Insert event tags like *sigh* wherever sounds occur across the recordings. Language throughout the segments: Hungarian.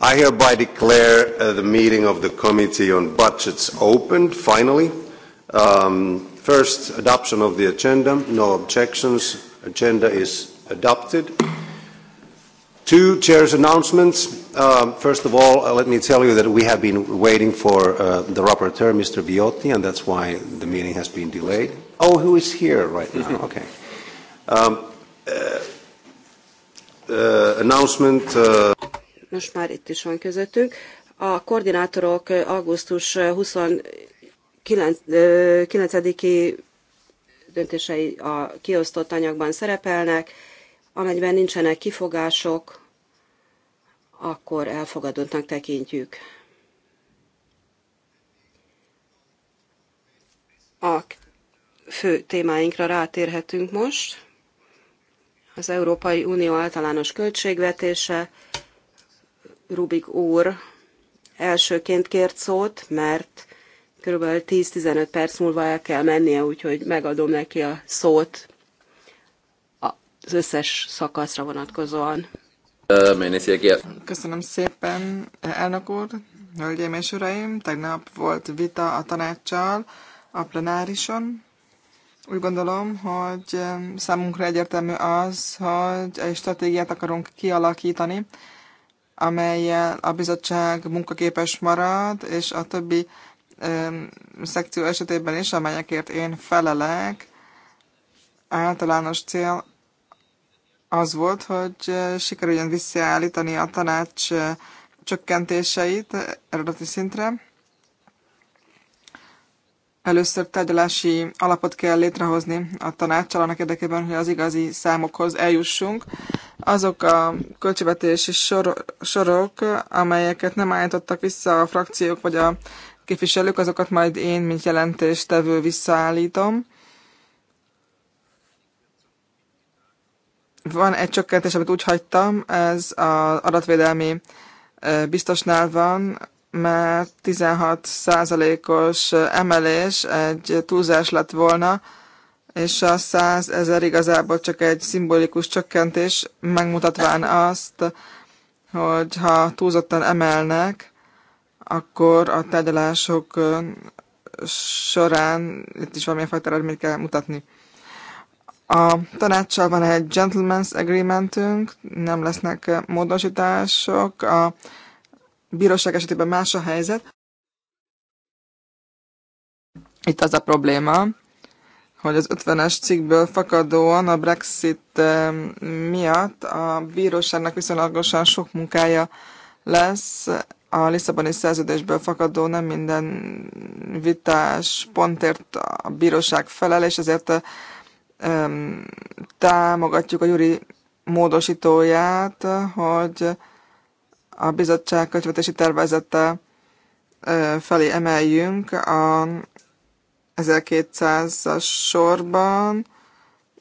I hereby declare uh, the meeting of the Committee on Budgets opened, finally. Um, first, adoption of the agenda. No objections. Agenda is adopted. Two chair's announcements. Uh, first of all, uh, let me tell you that we have been waiting for uh, the rapporteur, Mr. Viotti, and that's why the meeting has been delayed. Oh, who is here right now? *laughs* okay. Um, uh, uh announcement. Uh, most már itt is van közöttünk. A koordinátorok augusztus 29-i döntései a kiosztott anyagban szerepelnek, Amennyiben nincsenek kifogások, akkor elfogadottnak tekintjük. A fő témáinkra rátérhetünk most. Az Európai Unió általános költségvetése, Rubik úr elsőként kért szót, mert kb. 10-15 perc múlva el kell mennie, úgyhogy megadom neki a szót az összes szakaszra vonatkozóan. Köszönöm szépen, elnök úr, hölgyeim és uraim. Tegnap volt vita a tanácssal a plenárison. Úgy gondolom, hogy um, számunkra egyértelmű az, hogy egy stratégiát akarunk kialakítani, amelyel a bizottság munkaképes marad, és a többi öm, szekció esetében is, amelyekért én felelek, általános cél az volt, hogy eh, sikerüljön visszaállítani a tanács eh, csökkentéseit eredeti szintre, Először tárgyalási alapot kell létrehozni a tanácssal annak érdekében, hogy az igazi számokhoz eljussunk. Azok a költségvetési sor- sorok, amelyeket nem állítottak vissza a frakciók vagy a képviselők, azokat majd én, mint jelentéstevő visszaállítom. Van egy csökkentés, amit úgy hagytam, ez az adatvédelmi biztosnál van, mert 16 százalékos emelés egy túlzás lett volna, és a 100 ezer igazából csak egy szimbolikus csökkentés, megmutatván azt, hogy ha túlzottan emelnek, akkor a tárgyalások során itt is valamilyen fajta eredményt kell mutatni. A tanácssal van egy gentleman's agreementünk, nem lesznek módosítások, a bíróság esetében más a helyzet. Itt az a probléma, hogy az 50-es cikkből fakadóan a Brexit eh, miatt a bíróságnak viszonylagosan sok munkája lesz. A Lisszaboni szerződésből fakadó nem minden vitás pontért a bíróság felel, és ezért eh, támogatjuk a Juri módosítóját, hogy a bizottság költségvetési tervezete felé emeljünk a 1200-as sorban,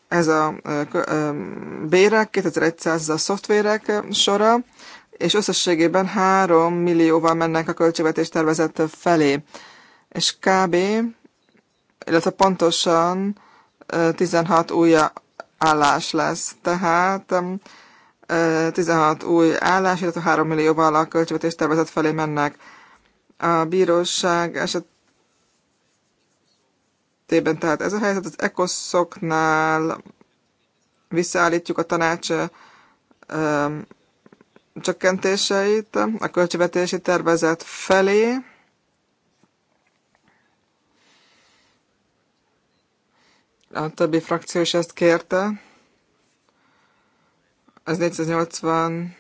ez a bérek, 2100 a szoftverek sora, és összességében 3 millióval mennek a költségvetés tervezet felé. És kb. illetve pontosan 16 új állás lesz. Tehát 16 új állás, illetve 3 millióval a költségvetés tervezet felé mennek. A bíróság esetében tehát ez a helyzet az ECOSZoknál visszaállítjuk a tanács csökkentéseit a költségvetési tervezet felé. A többi frakció is ezt kérte az 480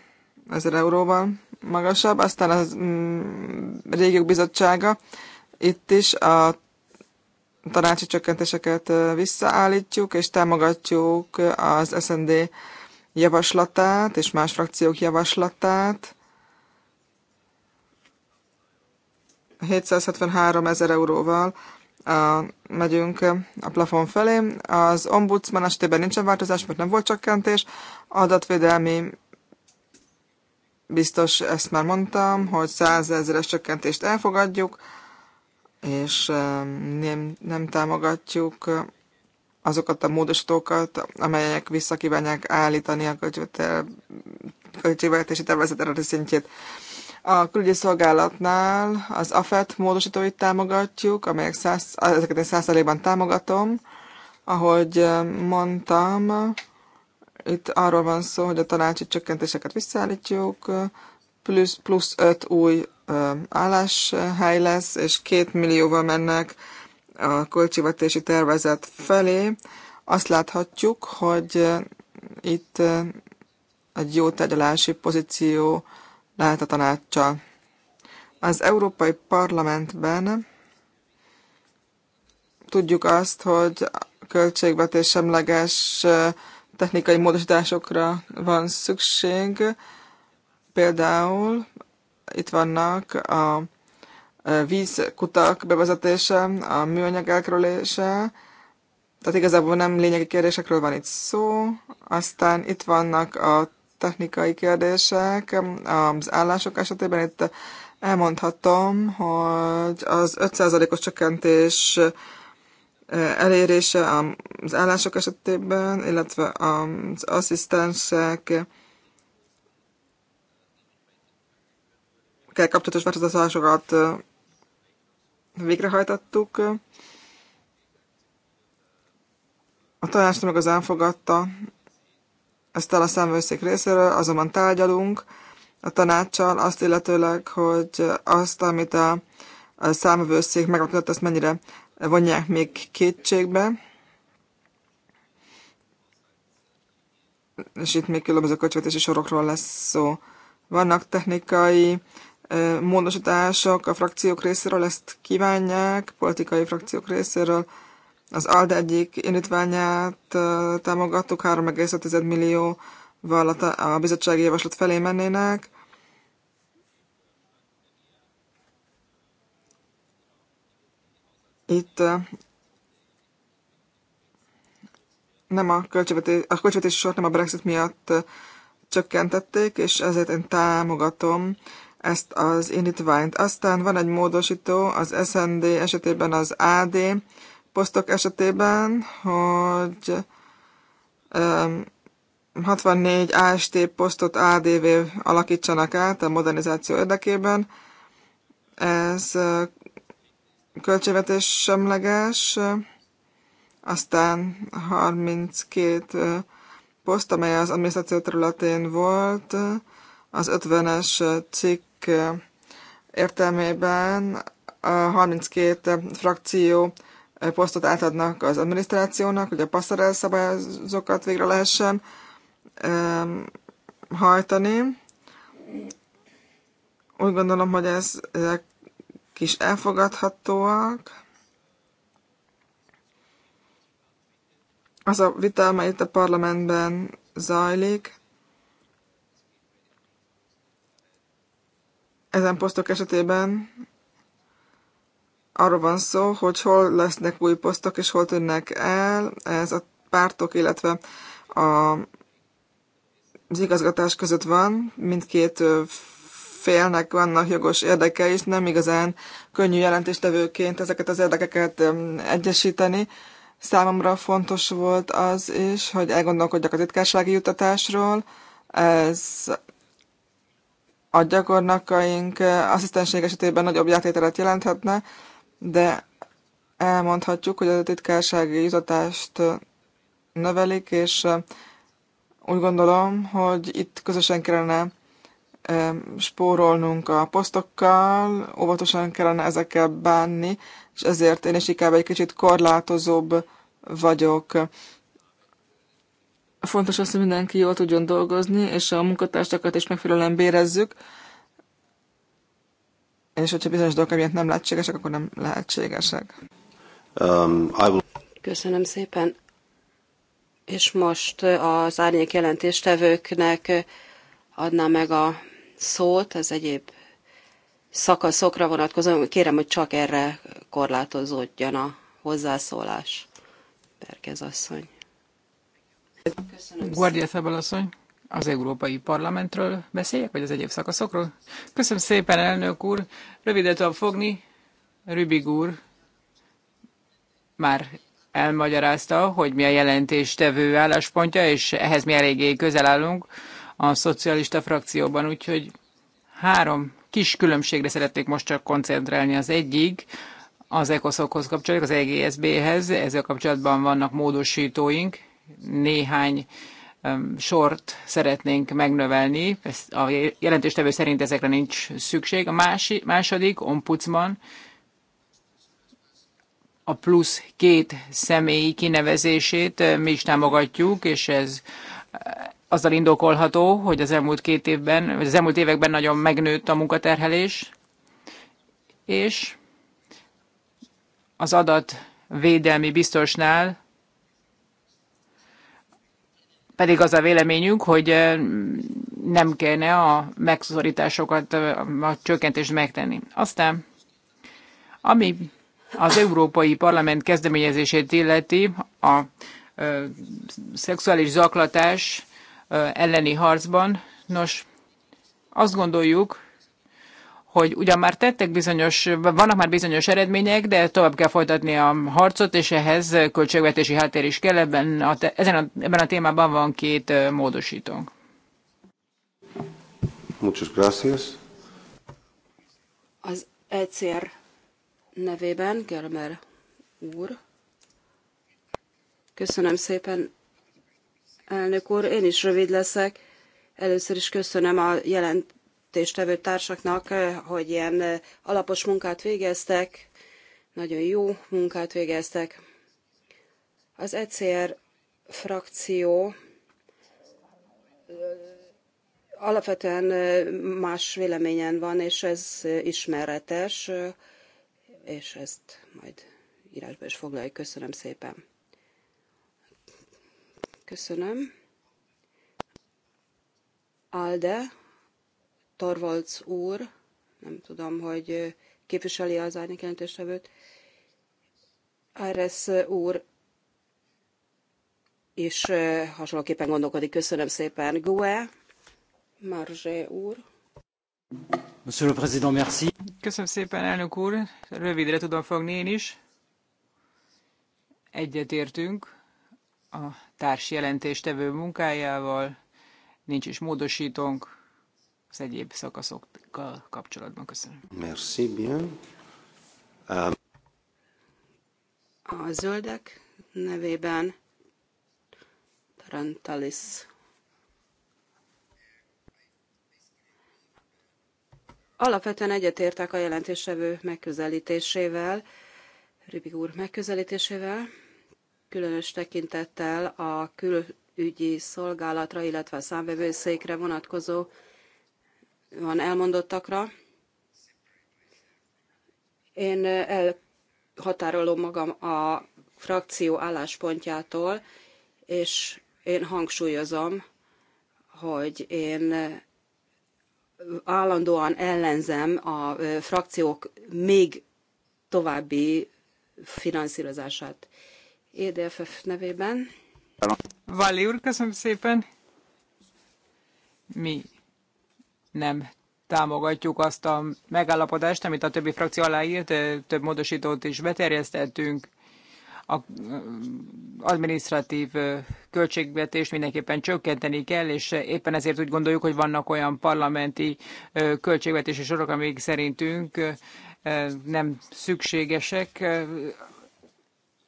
ezer euróval magasabb, aztán az mm, régiók bizottsága, itt is a tanácsi csökkentéseket visszaállítjuk, és támogatjuk az SND javaslatát és más frakciók javaslatát. 773 ezer euróval a, megyünk a plafon felé. Az ombudsman esetében nincsen változás, mert nem volt csökkentés. Adatvédelmi biztos ezt már mondtam, hogy 100 ezeres csökkentést elfogadjuk, és nem, nem támogatjuk azokat a módosítókat, amelyek visszakívánják állítani a költségvetési tervezet eredeti szintjét. A külügyi szolgálatnál az AFET módosítóit támogatjuk, amelyek száz, ezeket én százalékban támogatom. Ahogy mondtam, itt arról van szó, hogy a tanácsi csökkentéseket visszaállítjuk, plusz, plusz öt új álláshely lesz, és két millióval mennek a költségvetési tervezet felé. Azt láthatjuk, hogy itt egy jó tárgyalási pozíció lehet a tanácsa. Az Európai Parlamentben tudjuk azt, hogy költségvetés semleges technikai módosításokra van szükség. Például itt vannak a e, vízkutak bevezetése, a műanyag elkerülése, tehát igazából nem lényegi kérdésekről van itt szó. Aztán itt vannak a technikai kérdések az állások esetében. Itt elmondhatom, hogy az 5%-os csökkentés Eh, elérése az állások esetében, illetve az asszisztensek kell kapcsolatos változásokat eh, végrehajtottuk. A tanács meg az elfogadta ezt el a számvőszék részéről, azonban tárgyalunk a tanácssal azt illetőleg, hogy azt, amit a, a számvőszék megváltozott, ezt mennyire vonják még kétségbe. És itt még különböző kocsvetési sorokról lesz szó. Vannak technikai módosítások a frakciók részéről, ezt kívánják, politikai frakciók részéről. Az ALDE egyik indítványát támogattuk, 3,5 millióval a bizottsági javaslat felé mennének Itt nem a költségvetés, a költségvetési sort nem a Brexit miatt csökkentették, és ezért én támogatom ezt az indítványt. Aztán van egy módosító az SND esetében az AD posztok esetében, hogy 64 AST posztot ADV alakítsanak át a modernizáció érdekében. Ez költségvetés semleges, aztán 32 poszt, amely az adminisztráció területén volt, az 50-es cikk értelmében a 32 frakció posztot átadnak az adminisztrációnak, hogy a passzerel szabályozókat végre lehessen hajtani. Úgy gondolom, hogy ezek kis elfogadhatóak. Az a vita, amely itt a parlamentben zajlik, ezen posztok esetében arról van szó, hogy hol lesznek új posztok, és hol tűnnek el. Ez a pártok, illetve a, az igazgatás között van, mindkét félnek vannak jogos érdekei, és nem igazán könnyű jelentéstevőként ezeket az érdekeket egyesíteni. Számomra fontos volt az is, hogy elgondolkodjak a titkársági juttatásról. Ez a gyakornakaink eh, asszisztenség esetében nagyobb játételet jelenthetne, de elmondhatjuk, hogy a titkársági jutatást eh, növelik, és eh, úgy gondolom, hogy itt közösen kellene spórolnunk a posztokkal, óvatosan kellene ezekkel bánni, és ezért én is inkább egy kicsit korlátozóbb vagyok. Fontos az, hogy mindenki jól tudjon dolgozni, és a munkatársakat is megfelelően bérezzük, és hogyha bizonyos dolgok miatt nem lehetségesek, akkor nem lehetségesek. Um, I will... Köszönöm szépen. És most az árnyék jelentéstevőknek adná meg a szót az egyéb szakaszokra vonatkozóan. Kérem, hogy csak erre korlátozódjon a hozzászólás. Berkez asszony. Köszönöm Guardia Szabal asszony, az Európai Parlamentről beszéljek, vagy az egyéb szakaszokról? Köszönöm szépen, elnök úr. Röviden tudom fogni. Rübig úr már elmagyarázta, hogy mi a jelentéstevő álláspontja, és ehhez mi eléggé közel állunk a szocialista frakcióban, úgyhogy három kis különbségre szeretnék most csak koncentrálni. Az egyik az ECOSZokhoz kapcsolódik, az EGSB-hez, ezzel kapcsolatban vannak módosítóink, néhány sort szeretnénk megnövelni, ezt a jelentéstevő szerint ezekre nincs szükség. A mási, második, ombudsman, a plusz két személyi kinevezését mi is támogatjuk, és ez azzal indokolható, hogy az elmúlt két évben, vagy az elmúlt években nagyon megnőtt a munkaterhelés, és az adatvédelmi biztosnál pedig az a véleményünk, hogy nem kéne a megszorításokat, a csökkentést megtenni. Aztán, ami az Európai Parlament kezdeményezését illeti, a szexuális zaklatás elleni harcban. Nos, azt gondoljuk, hogy ugyan már tettek bizonyos, vannak már bizonyos eredmények, de tovább kell folytatni a harcot, és ehhez költségvetési háttér is kell. Ebben a, ezen a, ebben a témában van két módosítónk. Muchas gracias. Az ECR nevében, Germer úr. Köszönöm szépen, Elnök úr, én is rövid leszek. Először is köszönöm a jelentéstevő társaknak, eh, hogy ilyen eh, alapos munkát végeztek, nagyon jó munkát végeztek. Az ECR frakció eh, alapvetően más véleményen van, és ez ismeretes, és ezt majd írásban is foglaljuk. Köszönöm szépen. Köszönöm. Alde, Torvalc úr, nem tudom, hogy képviseli az árnyék jelentéstevőt. Áres úr és hasonlóképpen gondolkodik. Köszönöm szépen. Gue, Marzsé úr. Monsieur le Président, merci. Köszönöm szépen, elnök úr. Rövidre tudom fogni én is. Egyetértünk a társ jelentéstevő munkájával, nincs is módosítónk az egyéb szakaszokkal kapcsolatban. Köszönöm. Merci bien. Um... A zöldek nevében Tarantalis Alapvetően egyetértek a jelentéstevő megközelítésével, Rübig úr megközelítésével különös tekintettel a külügyi szolgálatra, illetve a számvevőszékre vonatkozó van elmondottakra. Én elhatárolom magam a frakció álláspontjától, és én hangsúlyozom, hogy én állandóan ellenzem a frakciók még további finanszírozását. EDFF nevében. Vali úr, köszönöm szépen. Mi nem támogatjuk azt a megállapodást, amit a többi frakció aláírt, több módosítót is beterjesztettünk. A mm, administratív költségvetést mindenképpen csökkenteni kell, és éppen ezért úgy gondoljuk, hogy vannak olyan parlamenti költségvetési sorok, amik szerintünk nem szükségesek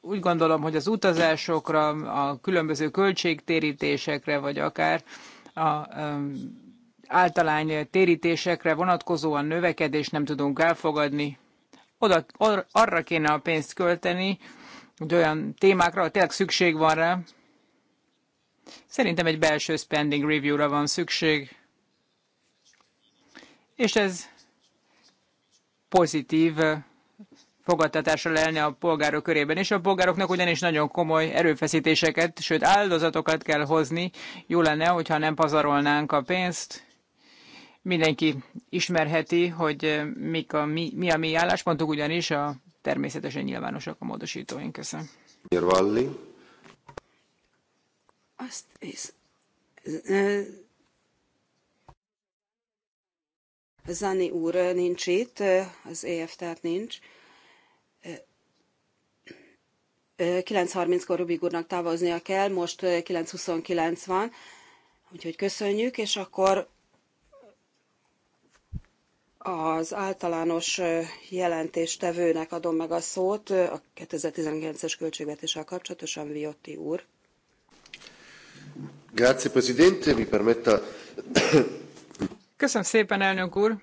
úgy gondolom, hogy az utazásokra, a különböző költségtérítésekre, vagy akár a általány térítésekre vonatkozóan növekedés nem tudunk elfogadni. Oda, arra kéne a pénzt költeni, hogy olyan témákra, ahol tényleg szükség van rá. Szerintem egy belső spending review-ra van szükség. És ez pozitív fogadtatásra lelni a polgárok körében, és a polgároknak ugyanis nagyon komoly erőfeszítéseket, sőt áldozatokat kell hozni. Jó lenne, hogyha nem pazarolnánk a pénzt. Mindenki ismerheti, hogy eh, mik a, mi, mi a mi álláspontunk, ugyanis a természetesen nyilvánosak a módosítóink. Köszönöm. Valli. Azt is, eh, Zani úr eh, nincs itt, az EF tehát nincs. 9.30-kor Rubik úrnak távoznia kell, most 9.29 van, úgyhogy köszönjük, és akkor az általános jelentéstevőnek adom meg a szót a 2019-es költségvetéssel kapcsolatosan, Viotti úr. Grazie, Presidente, mi permetta... Köszönöm szépen, elnök úr!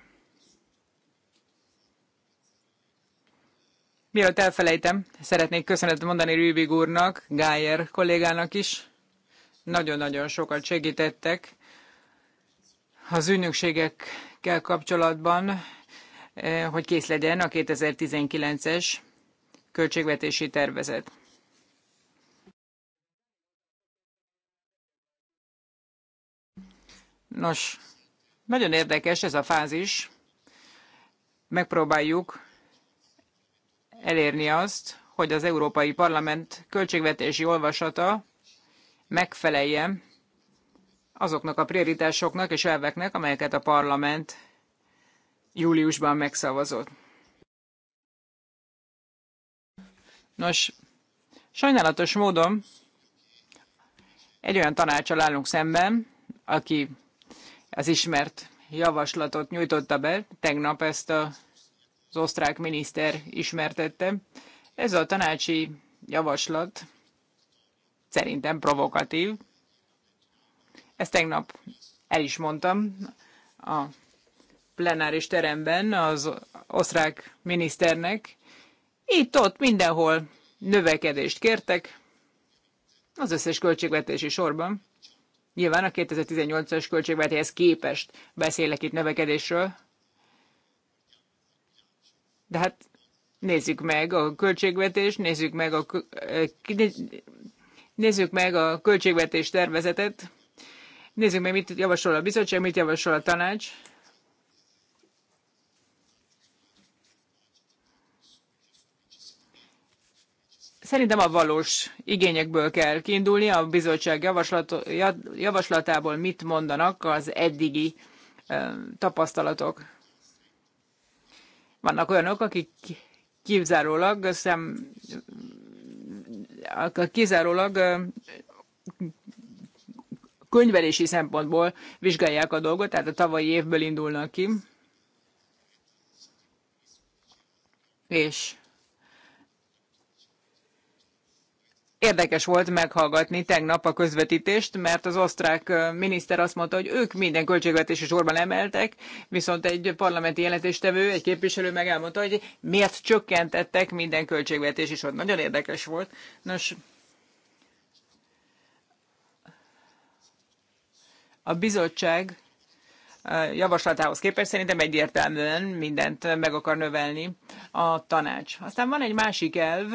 Mielőtt elfelejtem, szeretnék köszönetet mondani Rübig úrnak, Gájer kollégának is. Nagyon-nagyon sokat segítettek az ügynökségekkel kapcsolatban, eh, hogy kész legyen a 2019-es költségvetési tervezet. Nos, nagyon érdekes ez a fázis. Megpróbáljuk elérni azt, hogy az Európai Parlament költségvetési olvasata megfeleljen azoknak a prioritásoknak és elveknek, amelyeket a parlament júliusban megszavazott. Nos, sajnálatos módon egy olyan tanácsal állunk szemben, aki az ismert javaslatot nyújtotta be, tegnap ezt a az osztrák miniszter ismertette. Ez a tanácsi javaslat szerintem provokatív. Ezt tegnap el is mondtam a plenáris teremben az osztrák miniszternek. Itt-ott mindenhol növekedést kértek, az összes költségvetési sorban. Nyilván a 2018-as költségvetéshez képest beszélek itt növekedésről, de hát nézzük meg a költségvetés, nézzük meg a, eh, nézzük meg a költségvetés tervezetet, nézzük meg, mit javasol a bizottság, mit javasol a tanács. Szerintem a valós igényekből kell kiindulni, a bizottság javaslat, javaslatából mit mondanak az eddigi eh, tapasztalatok. Vannak olyanok, akik kizárólag, szem, kizárólag könyvelési szempontból vizsgálják a dolgot, tehát a tavalyi évből indulnak ki. És Érdekes volt meghallgatni tegnap a közvetítést, mert az osztrák miniszter azt mondta, hogy ők minden költségvetési sorban emeltek, viszont egy parlamenti jelentéstevő, egy képviselő meg elmondta, hogy miért csökkentettek minden költségvetési sorban. Nagyon érdekes volt. Nos, a bizottság javaslatához képest szerintem egyértelműen mindent meg akar növelni a tanács. Aztán van egy másik elv,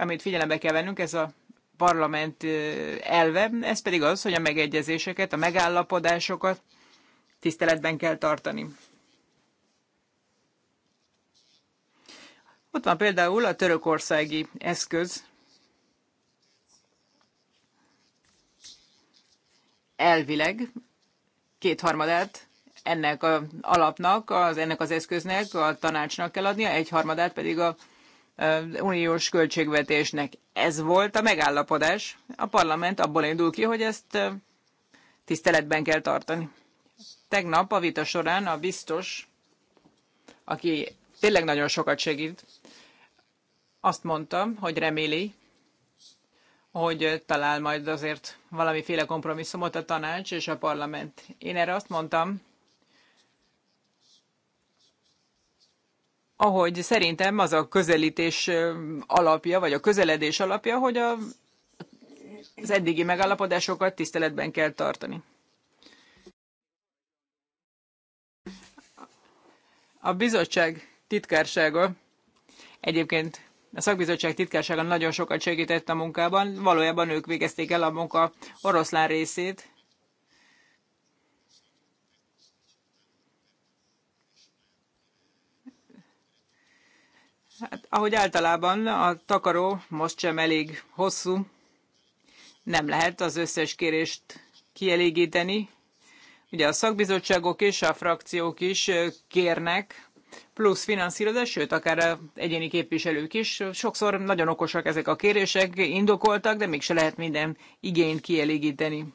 amit figyelembe kell vennünk, ez a parlament elve, ez pedig az, hogy a megegyezéseket, a megállapodásokat tiszteletben kell tartani. Ott van például a törökországi eszköz, elvileg kétharmadát ennek az alapnak, az, ennek az eszköznek a tanácsnak kell adnia, egyharmadát pedig a uniós költségvetésnek. Ez volt a megállapodás. A parlament abból indul ki, hogy ezt tiszteletben kell tartani. Tegnap a vita során a biztos, aki tényleg nagyon sokat segít, azt mondtam, hogy reméli, hogy talál majd azért valamiféle kompromisszumot a tanács és a parlament. Én erre azt mondtam, ahogy szerintem az a közelítés alapja, vagy a közeledés alapja, hogy a, az eddigi megállapodásokat tiszteletben kell tartani. A bizottság titkársága egyébként a szakbizottság titkársága nagyon sokat segített a munkában, valójában ők végezték el a munka oroszlán részét, Hát, ahogy általában a takaró most sem elég hosszú, nem lehet az összes kérést kielégíteni. Ugye a szakbizottságok és a frakciók is kérnek plusz finanszírozás, sőt, akár egyéni képviselők is. Sokszor nagyon okosak ezek a kérések, indokoltak, de mégse lehet minden igényt kielégíteni.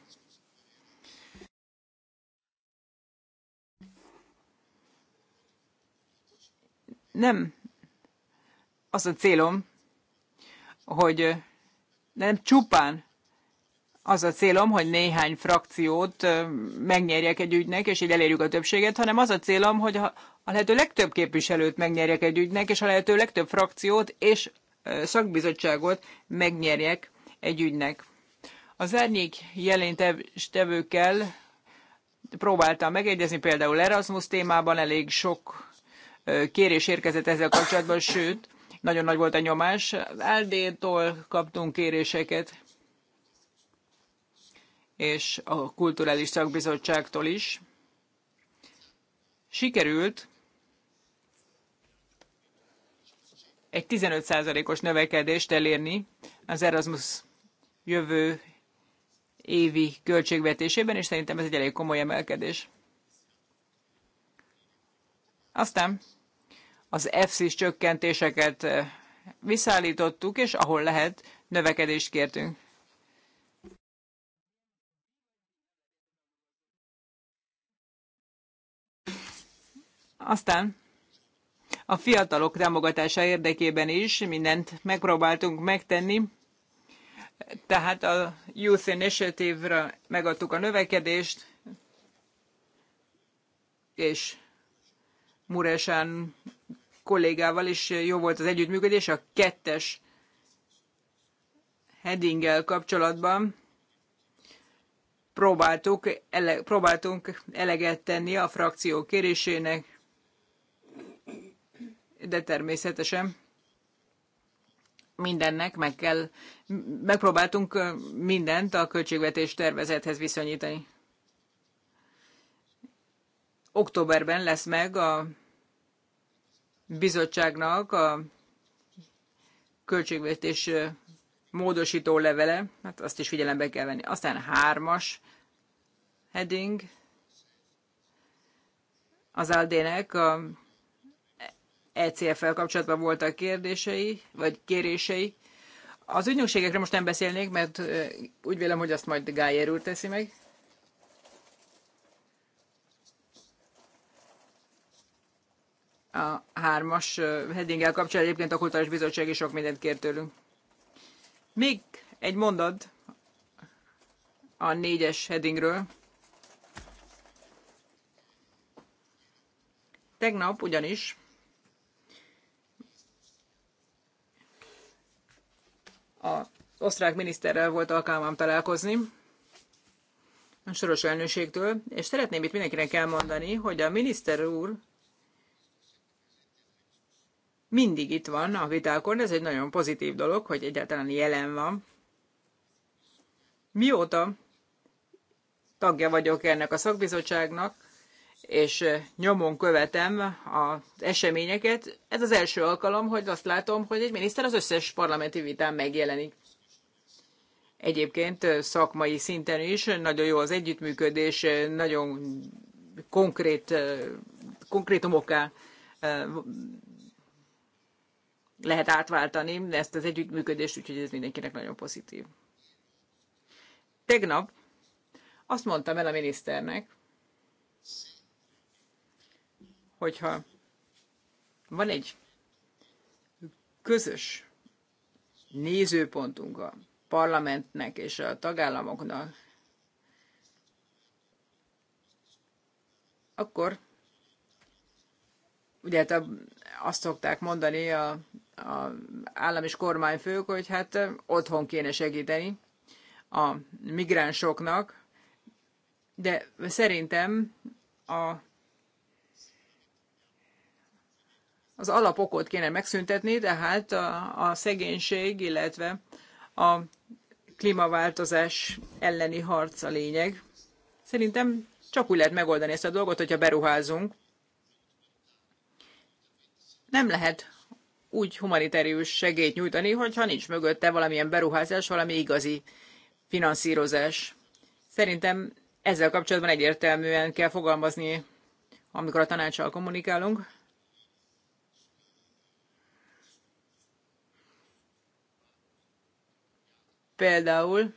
Nem az a célom, hogy nem csupán az a célom, hogy néhány frakciót megnyerjek egy ügynek, és így elérjük a többséget, hanem az a célom, hogy a lehető legtöbb képviselőt megnyerjek egy ügynek, és a lehető legtöbb frakciót és szakbizottságot megnyerjek egy ügynek. Az árnyék jelentevőkkel próbáltam megegyezni, például Erasmus témában elég sok kérés érkezett ezzel kapcsolatban, sőt, nagyon nagy volt a nyomás. Áldétól kaptunk kéréseket, és a Kulturális Szakbizottságtól is. Sikerült egy 15%-os növekedést elérni az Erasmus jövő évi költségvetésében, és szerintem ez egy elég komoly emelkedés. Aztán az EFSZ-is csökkentéseket eh, visszaállítottuk, és ahol lehet, növekedést kértünk. Aztán a fiatalok támogatása érdekében is mindent megpróbáltunk megtenni, tehát a Youth Initiative-ra megadtuk a növekedést, és Muresán kollégával is jó volt az együttműködés a kettes headinggel kapcsolatban. Próbáltuk, ele, próbáltunk eleget tenni a frakció kérésének, de természetesen mindennek meg kell, megpróbáltunk mindent a költségvetés tervezethez viszonyítani. Októberben lesz meg a bizottságnak a költségvetés módosító levele, hát azt is figyelembe kell venni. Aztán hármas heading az Aldének a ECF-fel kapcsolatban voltak kérdései, vagy kérései. Az ügynökségekre most nem beszélnék, mert úgy vélem, hogy azt majd Gájer úr teszi meg. a hármas headinggel kapcsolatban egyébként a kultúrás Bizottság is sok mindent kér tőlünk. Még egy mondat a négyes headingről. Tegnap ugyanis a osztrák miniszterrel volt alkalmam találkozni, a soros elnökségtől, és szeretném itt mindenkinek elmondani, hogy a miniszter úr mindig itt van a vitákon, ez egy nagyon pozitív dolog, hogy egyáltalán jelen van. Mióta tagja vagyok ennek a szakbizottságnak, és nyomon követem az eseményeket. Ez az első alkalom, hogy azt látom, hogy egy miniszter az összes parlamenti vitán megjelenik. Egyébként szakmai szinten is nagyon jó az együttműködés, nagyon konkrét, konkrétumokká lehet átváltani ezt az együttműködést, úgyhogy ez mindenkinek nagyon pozitív. Tegnap azt mondtam el a miniszternek, hogyha van egy közös nézőpontunk a parlamentnek és a tagállamoknak, akkor ugye hát azt szokták mondani a a állam és kormányfők, hogy hát otthon kéne segíteni a migránsoknak, de szerintem a, az alapokot kéne megszüntetni, tehát a, a szegénység, illetve a klímaváltozás elleni harc a lényeg. Szerintem csak úgy lehet megoldani ezt a dolgot, hogyha beruházunk. Nem lehet úgy humanitárius segélyt nyújtani, hogyha nincs mögötte valamilyen beruházás, valami igazi finanszírozás. Szerintem ezzel kapcsolatban egyértelműen kell fogalmazni, amikor a tanácssal kommunikálunk. Például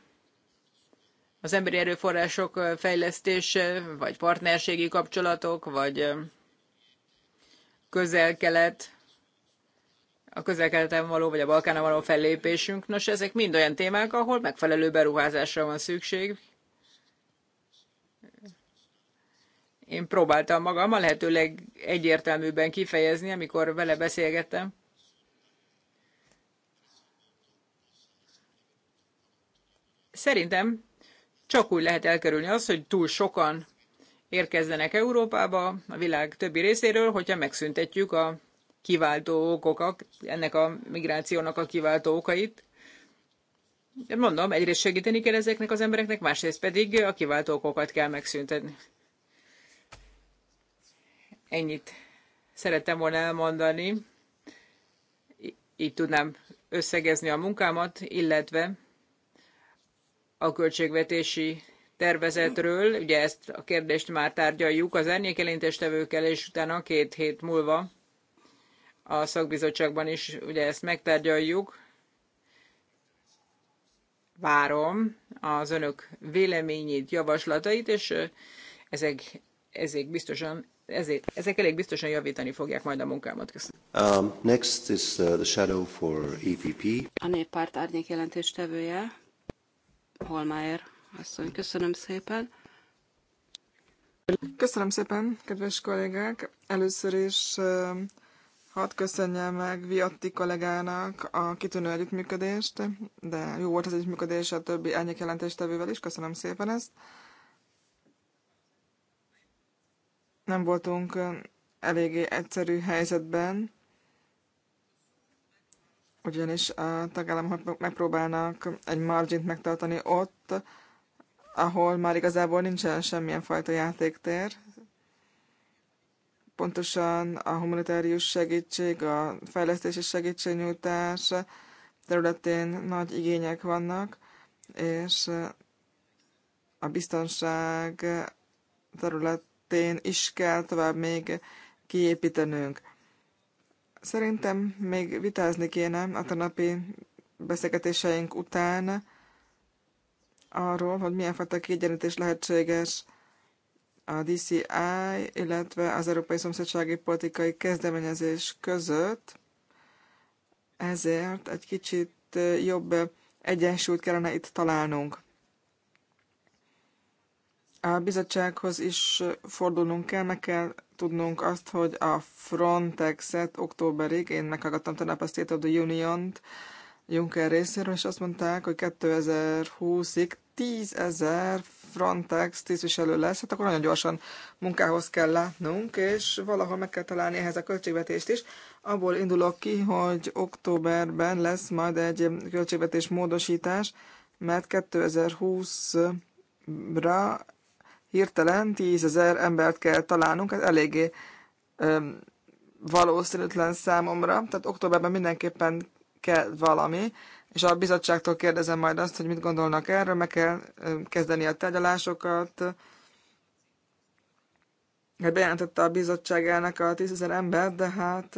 az emberi erőforrások fejlesztése, vagy partnerségi kapcsolatok, vagy közel-kelet, a közelkeleten való vagy a Balkánon való fellépésünk. Nos, ezek mind olyan témák, ahol megfelelő beruházásra van szükség. Én próbáltam magam a lehető egyértelműbben kifejezni, amikor vele beszélgettem. Szerintem csak úgy lehet elkerülni azt, hogy túl sokan érkezzenek Európába a világ többi részéről, hogyha megszüntetjük a kiváltó okok, ennek a migrációnak a kiváltó okait. Mondom, egyrészt segíteni kell ezeknek az embereknek, másrészt pedig a kiváltó okokat kell megszüntetni. Ennyit szerettem volna elmondani. Így tudnám összegezni a munkámat, illetve a költségvetési tervezetről. Ugye ezt a kérdést már tárgyaljuk az árnyékelintéstevőkkel, és utána két hét múlva a szakbizottságban is ugye ezt megtárgyaljuk. Várom az önök véleményét, javaslatait, és ezek, ezek biztosan ezek, ezek elég biztosan javítani fogják majd a munkámat. Köszönöm. Um, next is uh, the shadow for EPP. A néppárt árnyék jelentéstevője, Holmeier asszony. Köszönöm szépen. Köszönöm szépen, kedves kollégák! Először is um, Hadd köszönjem meg Viatti kollégának a kitűnő együttműködést, de jó volt az együttműködés a többi árnyék jelentéstevővel is, köszönöm szépen ezt. Nem voltunk eléggé egyszerű helyzetben, ugyanis a tagállamok megpróbálnak egy margint megtartani ott, ahol már igazából nincsen semmilyen fajta játéktér, pontosan a humanitárius segítség, a fejlesztési segítségnyújtás területén nagy igények vannak, és a biztonság területén is kell tovább még kiépítenünk. Szerintem még vitázni kéne a tanapi beszélgetéseink után arról, hogy milyen fajta kiegyenlítés lehetséges a DCI, illetve az Európai Szomszédsági Politikai Kezdeményezés között, ezért egy kicsit jobb egyensúlyt kellene itt találnunk. A bizottsághoz is fordulnunk kell, meg kell tudnunk azt, hogy a Frontexet októberig, én meghallgattam tegnap a State of the Union-t Juncker részéről, és azt mondták, hogy 2020-ig 10 ezer Frontex tisztviselő lesz, hát akkor nagyon gyorsan munkához kell látnunk, és valahol meg kell találni ehhez a költségvetést is. Abból indulok ki, hogy októberben lesz majd egy költségvetés módosítás, mert 2020-ra hirtelen 10 ezer embert kell találnunk, ez hát eléggé öm, valószínűtlen számomra, tehát októberben mindenképpen kell valami, és a bizottságtól kérdezem majd azt, hogy mit gondolnak erről, meg kell kezdeni a tárgyalásokat. Hát bejelentette a bizottságának a tízezer ezer ember, de hát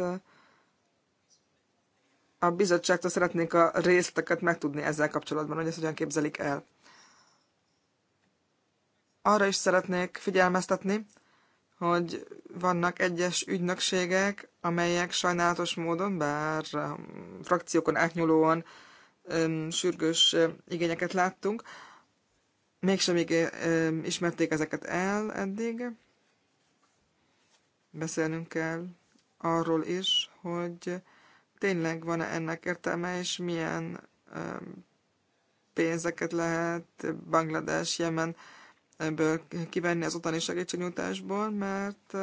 a bizottságtól szeretnék a részleteket megtudni ezzel kapcsolatban, hogy ezt hogyan képzelik el. Arra is szeretnék figyelmeztetni, hogy vannak egyes ügynökségek, amelyek sajnálatos módon, bár frakciókon átnyúlóan sürgős igényeket láttunk. Mégsem még ismerték ezeket el eddig. Beszélnünk kell arról is, hogy tényleg van-e ennek értelme, és milyen pénzeket lehet Banglades, Jemen ebből kivenni az otthoni segítségnyújtásból, mert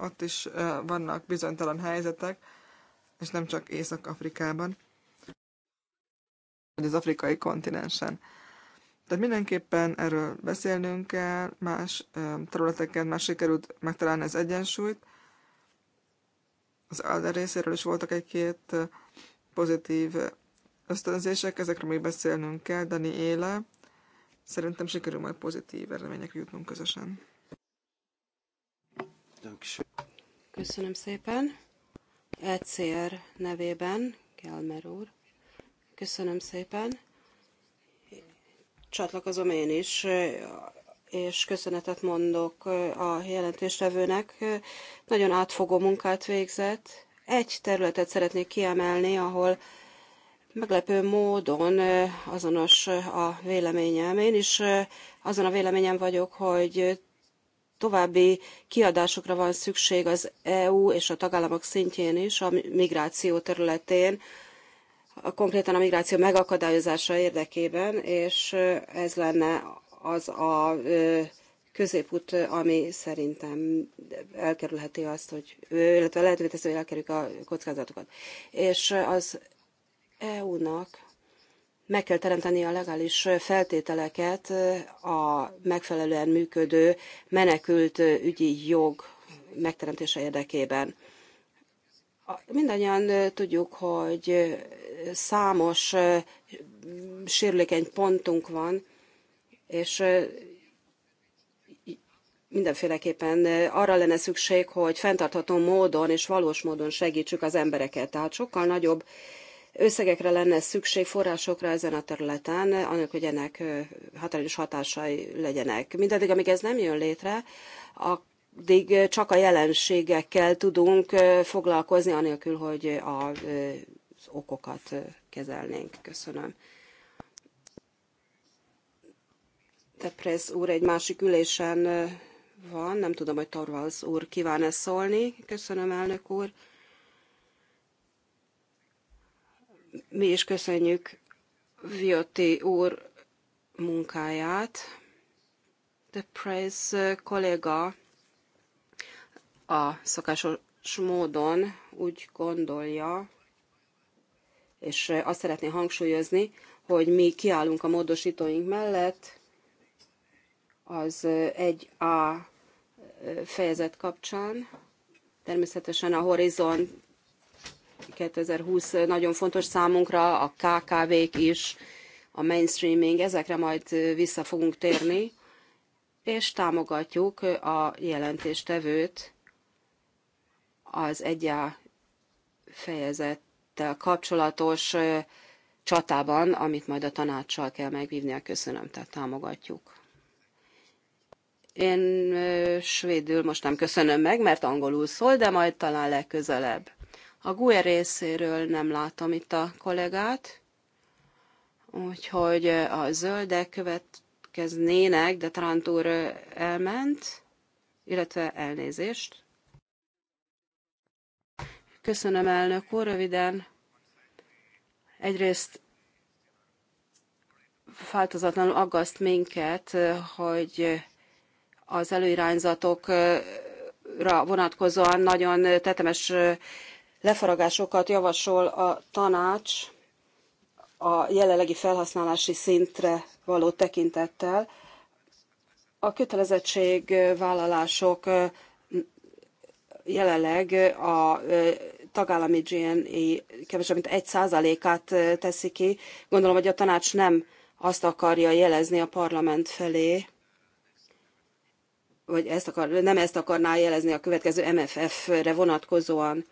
ott is vannak bizonytalan helyzetek, és nem csak Észak-Afrikában vagy az afrikai kontinensen. Tehát mindenképpen erről beszélnünk kell, más területeken már sikerült megtalálni az egyensúlyt. Az Alder részéről is voltak egy-két pozitív ösztönzések, ezekről még beszélnünk kell, Dani éle. Szerintem sikerül majd pozitív eredményekre jutnunk közösen. Köszönöm szépen. ECR nevében, Kelmer úr. Köszönöm szépen. Csatlakozom én is, és köszönetet mondok a jelentéstevőnek. Nagyon átfogó munkát végzett. Egy területet szeretnék kiemelni, ahol meglepő módon azonos a véleményem. Én is azon a véleményem vagyok, hogy további kiadásokra van szükség az EU és a tagállamok szintjén is, a migráció területén, a konkrétan a migráció megakadályozása érdekében, és ez lenne az a középút, ami szerintem elkerülheti azt, hogy, illetve lehetővé teszi, hogy elkerüljük a kockázatokat. És az EU-nak meg kell teremteni a legális feltételeket a megfelelően működő menekült ügyi jog megteremtése érdekében. Mindannyian tudjuk, hogy számos sérülékeny pontunk van, és mindenféleképpen arra lenne szükség, hogy fenntartható módon és valós módon segítsük az embereket. Tehát sokkal nagyobb összegekre lenne szükség, forrásokra ezen a területen, annak, hogy ennek hatalmas hatásai legyenek. Mindaddig, amíg ez nem jön létre, a addig csak a jelenségekkel tudunk foglalkozni, anélkül, hogy az okokat kezelnénk. Köszönöm. Teprez úr egy másik ülésen van, nem tudom, hogy Torvalds úr kíván-e szólni. Köszönöm, elnök úr. Mi is köszönjük Viotti úr munkáját. De Price kolléga a szokásos módon úgy gondolja, és azt szeretné hangsúlyozni, hogy mi kiállunk a módosítóink mellett az egy a fejezet kapcsán. Természetesen a Horizon 2020 nagyon fontos számunkra, a KKV-k is, a mainstreaming, ezekre majd vissza fogunk térni, és támogatjuk a jelentéstevőt az egyá fejezettel kapcsolatos csatában, amit majd a tanácssal kell megvívnia. Köszönöm, tehát támogatjuk. Én svédül most nem köszönöm meg, mert angolul szól, de majd talán legközelebb. A GUE részéről nem látom itt a kollégát, úgyhogy a zöldek következnének, de Trant úr elment, illetve elnézést. Köszönöm, elnök úr, röviden. Egyrészt változatlanul aggaszt minket, hogy az előirányzatokra vonatkozóan nagyon tetemes lefaragásokat javasol a tanács a jelenlegi felhasználási szintre való tekintettel. A kötelezettségvállalások jelenleg a tagállami GNI kevesebb mint 1%-át teszi ki. Gondolom, hogy a tanács nem azt akarja jelezni a parlament felé, vagy ezt akar, nem ezt akarná jelezni a következő MFF-re vonatkozóan.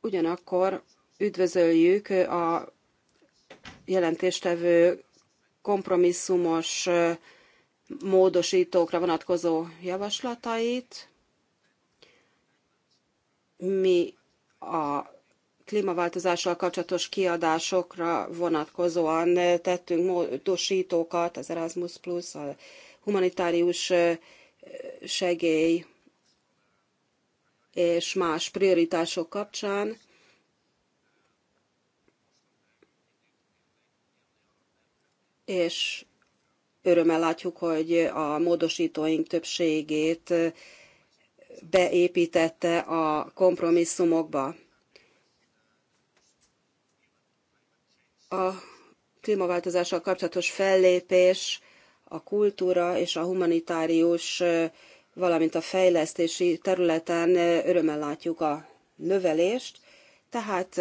Ugyanakkor üdvözöljük a jelentéstevő kompromisszumos módosítókra vonatkozó javaslatait mi a klímaváltozással kapcsolatos kiadásokra vonatkozóan tettünk módosítókat, az Erasmus Plus, a humanitárius segély és más prioritások kapcsán. És örömmel látjuk, hogy a módosítóink többségét beépítette a kompromisszumokba. A klímaváltozással kapcsolatos fellépés, a kultúra és a humanitárius, valamint a fejlesztési területen örömmel látjuk a növelést, tehát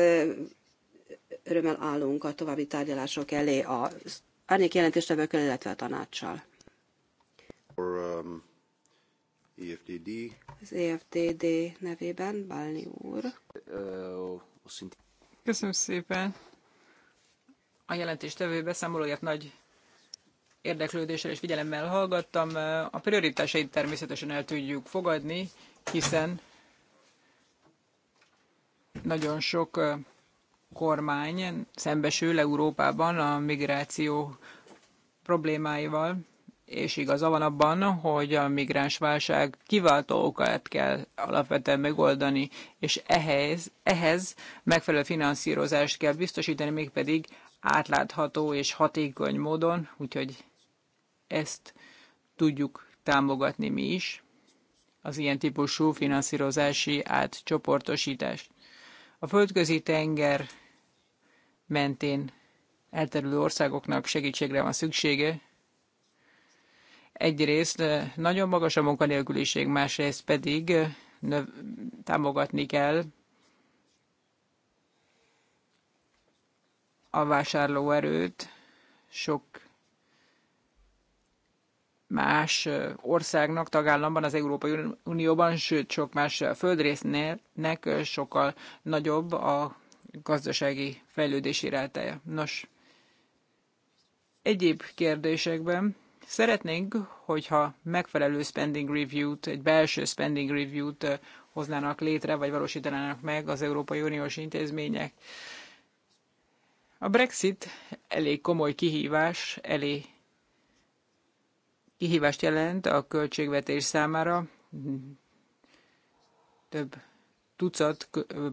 örömmel állunk a további tárgyalások elé az árnyék jelentéstevőkkel, illetve a tanácssal. Or, um... EFTD. Az EFTD nevében Balni úr. Köszönöm szépen. A jelentéstevő beszámolóját nagy érdeklődéssel és figyelemmel hallgattam. A prioritásait természetesen el tudjuk fogadni, hiszen nagyon sok kormány szembesül Európában a migráció problémáival és igaza van abban, hogy a migránsválság kiváltó okát kell alapvetően megoldani, és ehhez, ehhez megfelelő finanszírozást kell biztosítani, mégpedig átlátható és hatékony módon, úgyhogy ezt tudjuk támogatni mi is, az ilyen típusú finanszírozási átcsoportosítást. A földközi tenger mentén elterülő országoknak segítségre van szüksége, Egyrészt nagyon magas a munkanélküliség, másrészt pedig növ, támogatni kell a vásárlóerőt, sok más országnak, tagállamban, az Európai Unióban, sőt sok más földrésznek sokkal nagyobb a gazdasági fejlődési rátája. Nos, egyéb kérdésekben Szeretnénk, hogyha megfelelő spending review-t, egy belső spending review-t hoznának létre, vagy valósítanának meg az Európai Uniós intézmények. A Brexit elég komoly kihívás, elég kihívást jelent a költségvetés számára. Több tucat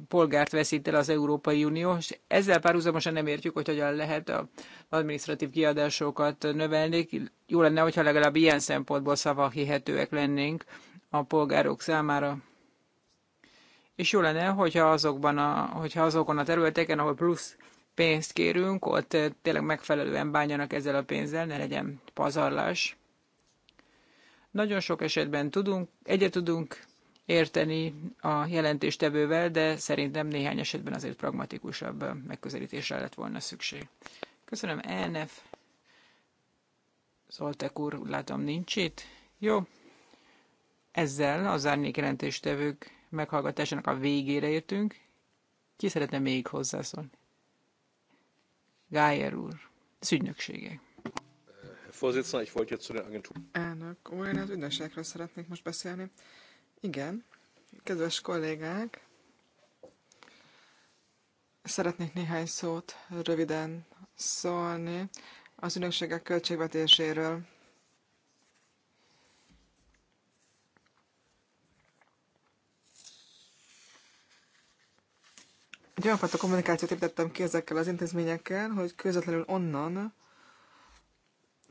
polgárt veszít el az Európai Unió, és ezzel párhuzamosan nem értjük, hogy hogyan lehet az administratív kiadásokat növelni. Jó lenne, hogyha legalább ilyen szempontból szavahihetőek lennénk a polgárok számára. És jó lenne, hogyha, azokban a, hogyha azokon a területeken, ahol plusz pénzt kérünk, ott tényleg megfelelően bánjanak ezzel a pénzzel, ne legyen pazarlás. Nagyon sok esetben tudunk, egyet tudunk érteni a jelentéstevővel, de szerintem néhány esetben azért pragmatikusabb megközelítésre lett volna szükség. Köszönöm, ENF. Zoltek úr, látom nincs itt. Jó. Ezzel az árnyék jelentéstevők meghallgatásának a végére értünk. Ki szeretne még hozzászólni? Gájer úr, az ügynökségek. Elnök olyan az ügynökségekről szeretnék most beszélni. Igen, kedves kollégák, szeretnék néhány szót röviden szólni az ünökségek költségvetéséről. Egy olyan fajta kommunikációt építettem ki ezekkel az intézményekkel, hogy közvetlenül onnan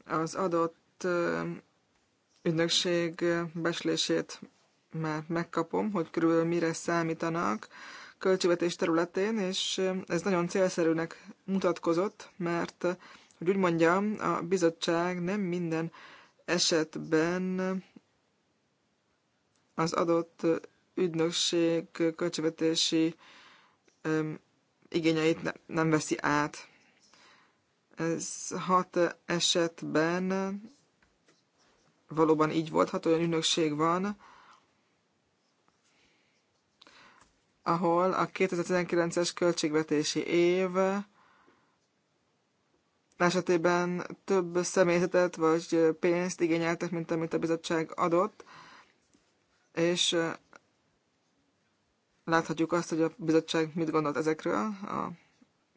az adott ügynökség beslését már megkapom, hogy körülbelül mire számítanak költségvetés területén, és um, ez nagyon célszerűnek mutatkozott, mert, hogy úgy mondjam, a bizottság nem minden esetben az adott ügynökség költségvetési um, igényeit ne, nem veszi át. Ez hat esetben valóban így volt, hat olyan ügynökség van, ahol a 2019-es költségvetési év esetében több személyzetet vagy pénzt igényeltek, mint amit a bizottság adott, és láthatjuk azt, hogy a bizottság mit gondolt ezekről a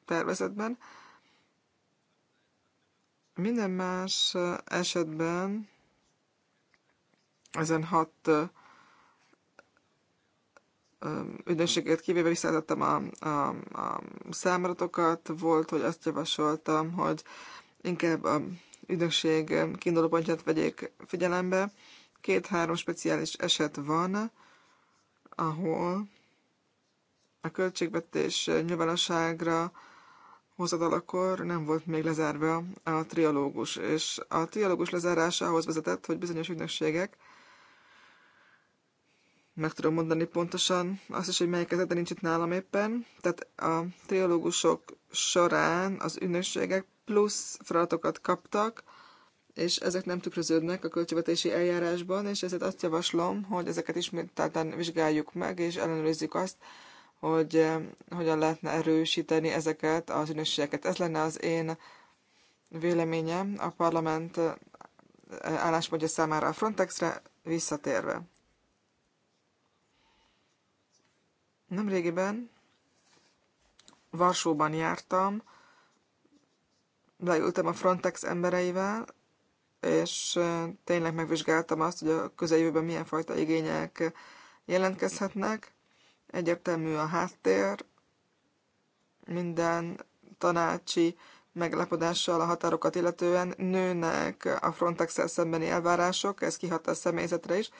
tervezetben. Minden más esetben ezen hat ügynökséget kivéve visszaadtam a, a, a számadatokat, Volt, hogy azt javasoltam, hogy inkább a ügynökség kiinduló pontját vegyék figyelembe. Két-három speciális eset van, ahol a költségvetés nyilvánosságra hozatal nem volt még lezárva a trialógus, és a trialógus lezárásához vezetett, hogy bizonyos ügynökségek meg tudom mondani pontosan azt is, hogy melyik ezek, de nincs itt nálam éppen. Tehát a triológusok során az ünnösségek plusz feladatokat kaptak, és ezek nem tükröződnek a költségvetési eljárásban, és ezért azt javaslom, hogy ezeket ismételten vizsgáljuk meg, és ellenőrizzük azt, hogy eh, hogyan lehetne erősíteni ezeket az ünnösségeket. Ez lenne az én véleményem a parlament eh, álláspontja számára a Frontexre visszatérve. Nemrégiben Varsóban jártam, leültem a Frontex embereivel, és tényleg megvizsgáltam azt, hogy a közeljövőben milyen fajta igények jelentkezhetnek. Egyértelmű a háttér, minden tanácsi meglepodással a határokat illetően nőnek a frontex szembeni elvárások, ez kihat a személyzetre is,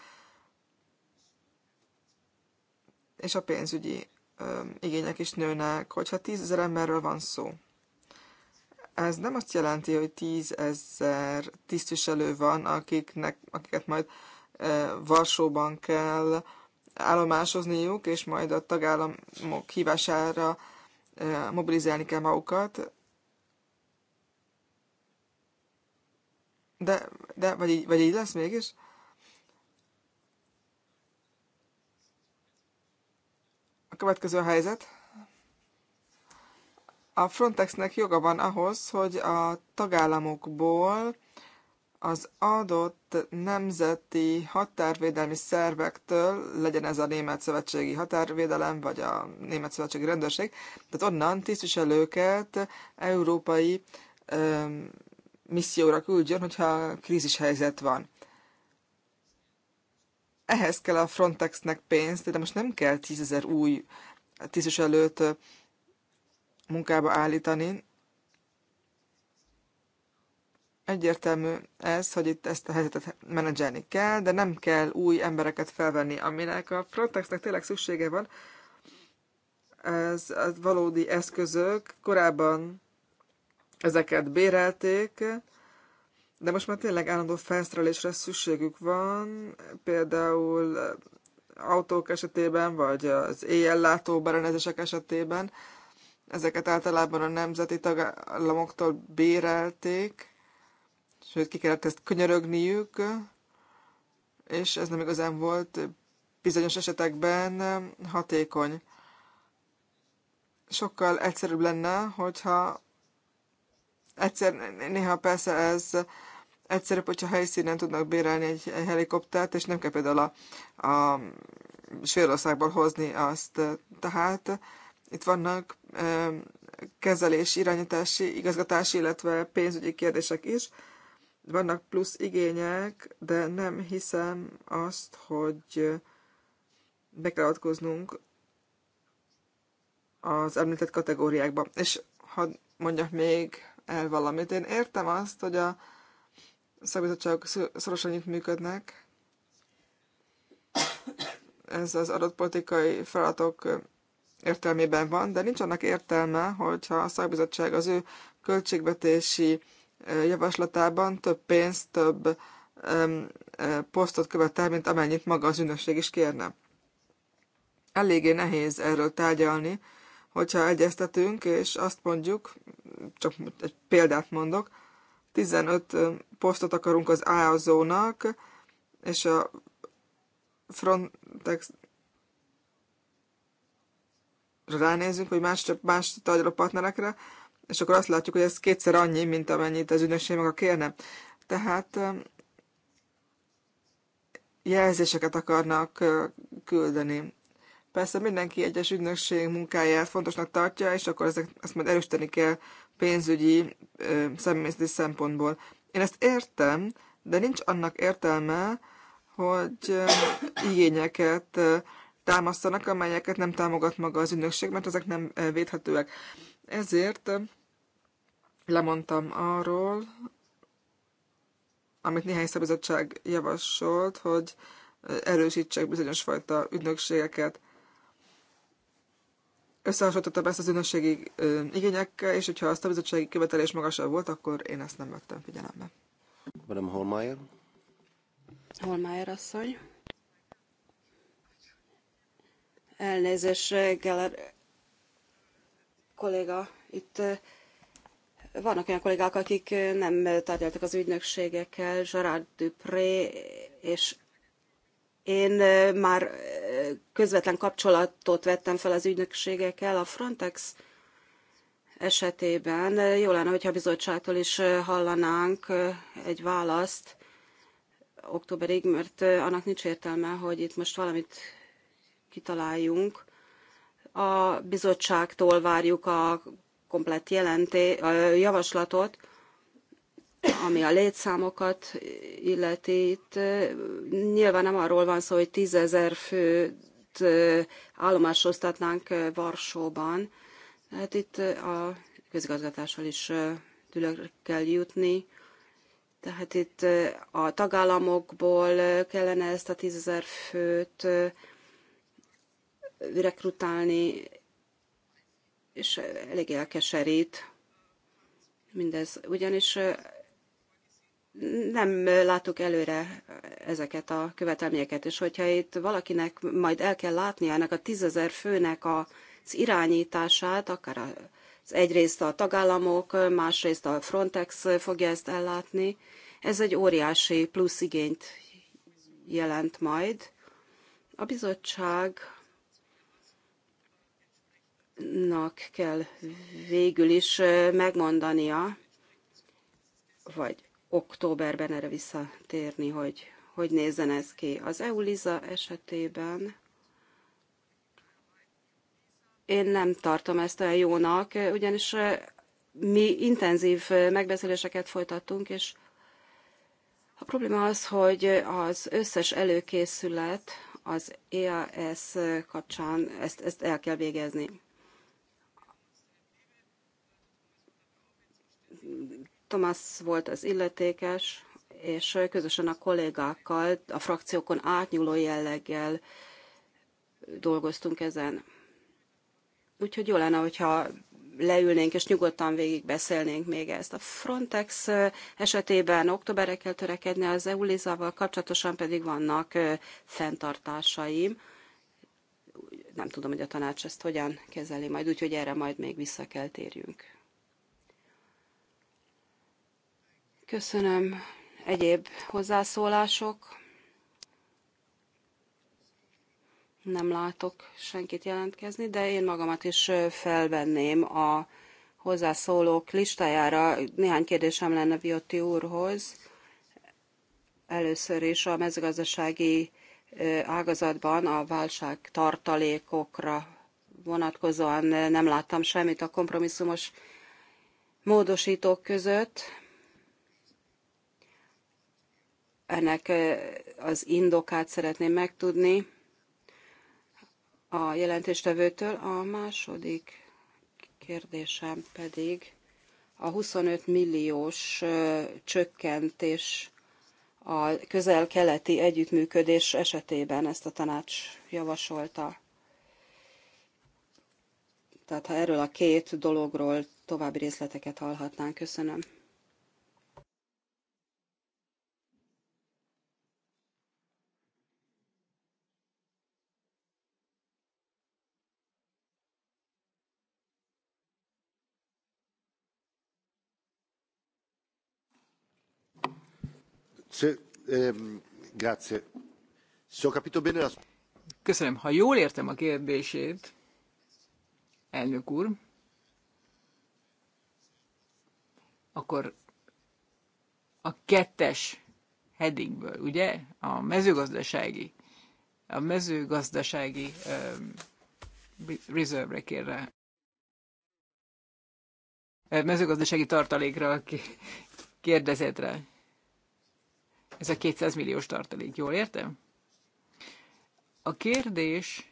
és a pénzügyi ö, igények is nőnek, hogyha tízezer emberről van szó. Ez nem azt jelenti, hogy tízezer tisztviselő van, akiknek, akiket majd ö, Varsóban kell állomásozniuk, és majd a tagállamok hívására ö, mobilizálni kell magukat. De, de vagy, így, vagy így lesz mégis? következő a helyzet. A Frontexnek joga van ahhoz, hogy a tagállamokból az adott nemzeti határvédelmi szervektől, legyen ez a Német Szövetségi Határvédelem, vagy a Német Szövetségi Rendőrség, tehát onnan tisztviselőket európai ö, misszióra küldjön, hogyha krízishelyzet van ehhez kell a Frontexnek pénzt, de most nem kell tízezer új tízes előtt munkába állítani. Egyértelmű ez, hogy itt ezt a helyzetet menedzselni kell, de nem kell új embereket felvenni, aminek a Frontexnek tényleg szüksége van. Ez a valódi eszközök korábban ezeket bérelték, de most már tényleg állandó felszerelésre szükségük van, például eh, autók esetében, vagy az éjjellátó berendezések esetében. Ezeket általában a nemzeti tagállamoktól bérelték, sőt ki kellett ezt könyörögniük, és ez nem igazán volt bizonyos esetekben hatékony. Sokkal egyszerűbb lenne, hogyha egyszer, néha persze ez Egyszerűbb, hogyha helyszínen tudnak bérelni egy helikoptert, és nem kell például a, a Svédországból hozni azt. Tehát itt vannak kezelési, irányítási, igazgatási, illetve pénzügyi kérdések is. Vannak plusz igények, de nem hiszem azt, hogy be kell adkoznunk az említett kategóriákba. És ha mondjak még el valamit. Én értem azt, hogy a szabizottságok szorosan működnek. Ez az adott politikai feladatok értelmében van, de nincs annak értelme, hogyha a szakbizottság az ő költségvetési javaslatában több pénzt, több um, posztot követel, mint amennyit maga az ünnepség is kérne. Eléggé nehéz erről tárgyalni, hogyha egyeztetünk, és azt mondjuk, csak egy példát mondok, 15 posztot akarunk az AO-nak, és a Frontex ránézünk, hogy más, más tárgyaló partnerekre, és akkor azt látjuk, hogy ez kétszer annyi, mint amennyit az ügynökség maga kérne. Tehát jelzéseket akarnak küldeni. Persze mindenki egyes ügynökség munkáját fontosnak tartja, és akkor ezek, ezt majd erősíteni kell pénzügyi személyzeti szempontból. Én ezt értem, de nincs annak értelme, hogy igényeket támasztanak, amelyeket nem támogat maga az ügynökség, mert ezek nem védhetőek. Ezért lemondtam arról, amit néhány szabizottság javasolt, hogy erősítsek bizonyos fajta ügynökségeket összehasonlította ezt az ünnepségi igényekkel, és hogyha azt a bizottsági követelés magasabb volt, akkor én ezt nem vettem figyelembe. Madam Holmeyer. Holmeyer asszony. Elnézés, Geller kolléga, itt vannak olyan kollégák, akik nem tárgyaltak az ügynökségekkel, Gerard Dupré, és én már közvetlen kapcsolatot vettem fel az ügynökségekkel, a Frontex esetében eh, jó lenne, hogyha a bizottságtól is eh, hallanánk eh, egy választ októberig, mert annak nincs értelme, hogy itt most valamit kitaláljunk. A bizottságtól várjuk a komplett jelenté, a javaslatot, ami a létszámokat illeti, itt nyilván nem arról van szó, hogy tízezer főt állomásoztatnánk Varsóban. Hát itt a közigazgatással is tülök kell jutni. Tehát itt a tagállamokból kellene ezt a tízezer főt rekrutálni, és elég elkeserít mindez. Ugyanis nem látok előre ezeket a követelményeket, és hogyha itt valakinek majd el kell látnia ennek a tízezer főnek az irányítását, akár az egyrészt a tagállamok, másrészt a Frontex fogja ezt ellátni, ez egy óriási plusz igényt jelent majd. A bizottságnak kell végül is megmondania, vagy októberben erre visszatérni, hogy hogy nézzen ez ki. Az eu esetében én nem tartom ezt olyan jónak, ugyanis mi intenzív megbeszéléseket folytattunk, és a probléma az, hogy az összes előkészület az EAS kapcsán ezt, ezt el kell végezni. Tomasz volt az illetékes, és közösen a kollégákkal, a frakciókon átnyúló jelleggel dolgoztunk ezen. Úgyhogy jó lenne, hogyha leülnénk és nyugodtan végigbeszélnénk még ezt. A Frontex esetében októberre kell törekedni, az e val kapcsolatosan pedig vannak fenntartásaim. Nem tudom, hogy a tanács ezt hogyan kezeli majd, úgyhogy erre majd még vissza kell térjünk. Köszönöm. Egyéb hozzászólások? Nem látok senkit jelentkezni, de én magamat is felvenném a hozzászólók listájára. Néhány kérdésem lenne Viotti úrhoz. Először is a mezőgazdasági ágazatban a válság tartalékokra vonatkozóan nem láttam semmit a kompromisszumos módosítók között. ennek az indokát szeretném megtudni a jelentéstevőtől. A második kérdésem pedig a 25 milliós csökkentés a közel-keleti együttműködés esetében ezt a tanács javasolta. Tehát ha erről a két dologról további részleteket hallhatnánk, köszönöm. Ehm, Köszönöm. Ha jól értem a kérdését, elnök úr, akkor a kettes headingből, ugye? A mezőgazdasági, a mezőgazdasági um, reserve-re kér rá. A eh, mezőgazdasági tartalékra kérdezett rá. Ez a 200 milliós tartalék, jól értem? A kérdés,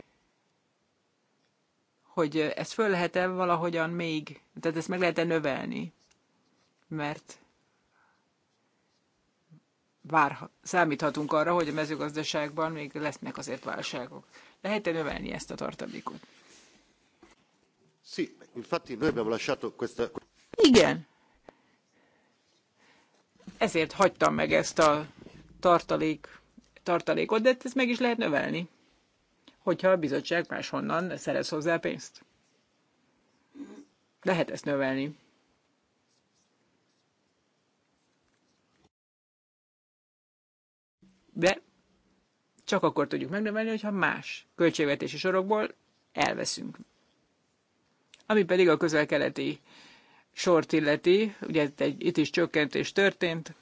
hogy ezt föl lehet-e valahogyan még, tehát ezt meg lehet-e növelni, mert vár, számíthatunk arra, hogy a mezőgazdaságban még lesznek azért válságok. Lehet-e növelni ezt a tartalékot? Sí, infatti noi abbiamo lasciato Igen. Ezért hagytam meg ezt a tartalék, tartalékot, de ezt meg is lehet növelni, hogyha a bizottság máshonnan szerez hozzá pénzt. Lehet ezt növelni. De csak akkor tudjuk megnövelni, hogyha más költségvetési sorokból elveszünk. Ami pedig a közel-keleti sort illeti, ugye itt is csökkentés történt,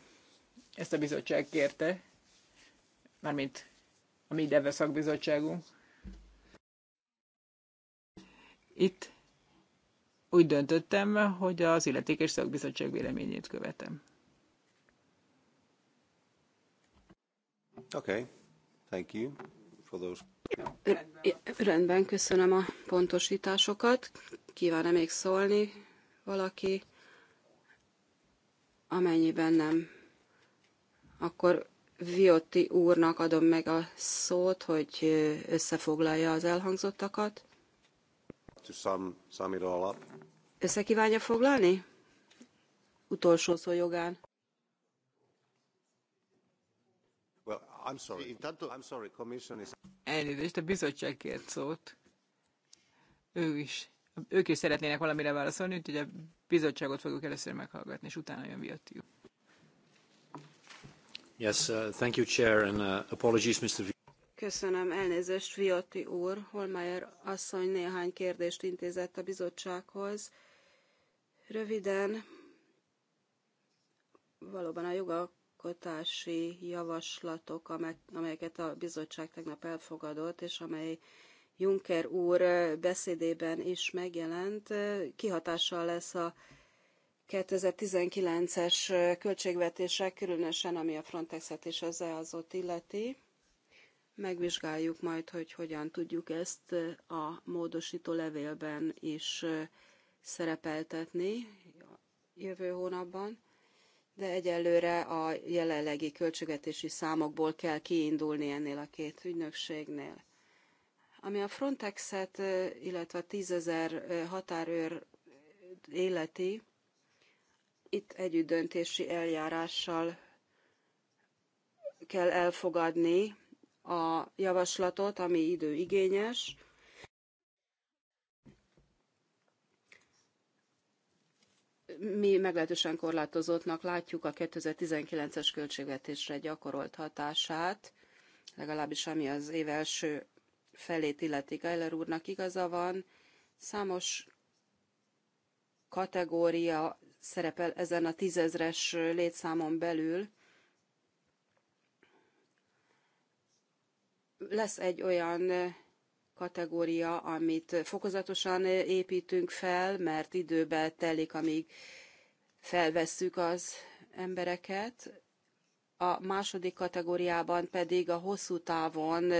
ezt a bizottság kérte, mármint a mi deve szakbizottságunk. Itt úgy döntöttem, hogy az illetékes szakbizottság véleményét követem. Okay. Thank you for those. Rendben, köszönöm a pontosításokat. Kíván-e még szólni valaki? Amennyiben nem, akkor Viotti úrnak adom meg a szót, hogy összefoglalja az elhangzottakat. Össze kívánja foglalni? Utolsó szó jogán. Well, I'm sorry. Intanto, I'm sorry, commission is... Elnézést, a bizottság kért szót. Ő is. Ők is szeretnének valamire válaszolni, úgyhogy a bizottságot fogjuk először meghallgatni, és utána jön Viotti úr. Uh, uh, Köszönöm, elnézést, Viotti úr. hohlmeier asszony néhány kérdést intézett a bizottsághoz. Röviden, valóban a jogalkotási javaslatok, amelyeket a bizottság tegnap elfogadott, és amely Juncker úr beszédében is megjelent, kihatással lesz a 2019-es költségvetések, különösen ami a Frontexet és az easo ot illeti. Megvizsgáljuk majd, hogy hogyan tudjuk ezt a módosító levélben is szerepeltetni jövő hónapban, de egyelőre a jelenlegi költségvetési számokból kell kiindulni ennél a két ügynökségnél. Ami a Frontexet, illetve a tízezer határőr életi, itt együttdöntési eljárással kell elfogadni a javaslatot, ami időigényes. Mi meglehetősen korlátozottnak látjuk a 2019-es költségvetésre gyakorolt hatását, legalábbis ami az év első felét illeti. Geiler úrnak igaza van, számos kategória szerepel ezen a tízezres létszámon belül. Lesz egy olyan kategória, amit fokozatosan építünk fel, mert időbe telik, amíg felvesszük az embereket. A második kategóriában pedig a hosszú távon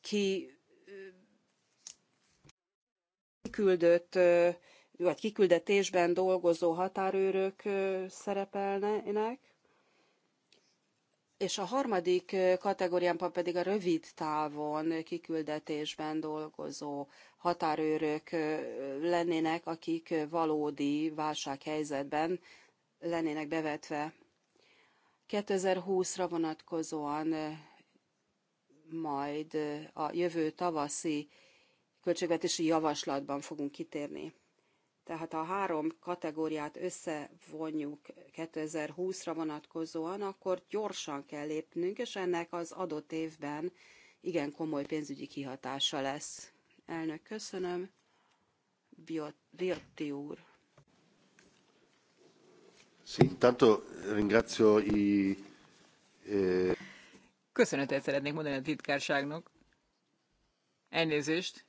ki küldött vagy kiküldetésben dolgozó határőrök szerepelnek, és a harmadik kategóriában pedig a rövid távon kiküldetésben dolgozó határőrök lennének, akik valódi válsághelyzetben lennének bevetve. 2020-ra vonatkozóan majd a jövő tavaszi költségvetési javaslatban fogunk kitérni tehát ha három kategóriát összevonjuk 2020-ra vonatkozóan, akkor gyorsan kell lépnünk, és ennek az adott évben igen komoly pénzügyi kihatása lesz. Elnök, köszönöm. Biotti úr. Sí, tanto ringrazio i, eh... Köszönetet szeretnék mondani a titkárságnak. Elnézést.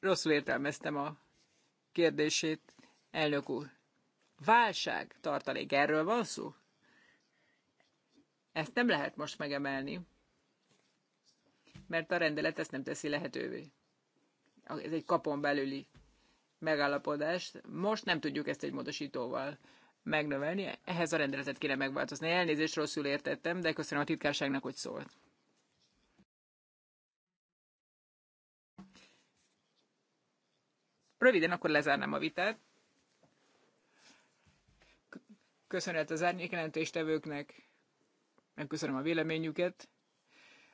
Rosszul értelmeztem a kérdését, elnök úr. Válság tartalék, erről van szó? Ezt nem lehet most megemelni, mert a rendelet ezt nem teszi lehetővé. Ez egy kapon belüli megállapodás. Most nem tudjuk ezt egy módosítóval megnövelni, ehhez a rendeletet kéne megváltozni. Elnézést rosszul értettem, de köszönöm a titkárságnak, hogy szólt. Röviden akkor lezárnám a vitát. Köszönet az árnyékjelentéstevőknek, megköszönöm a véleményüket.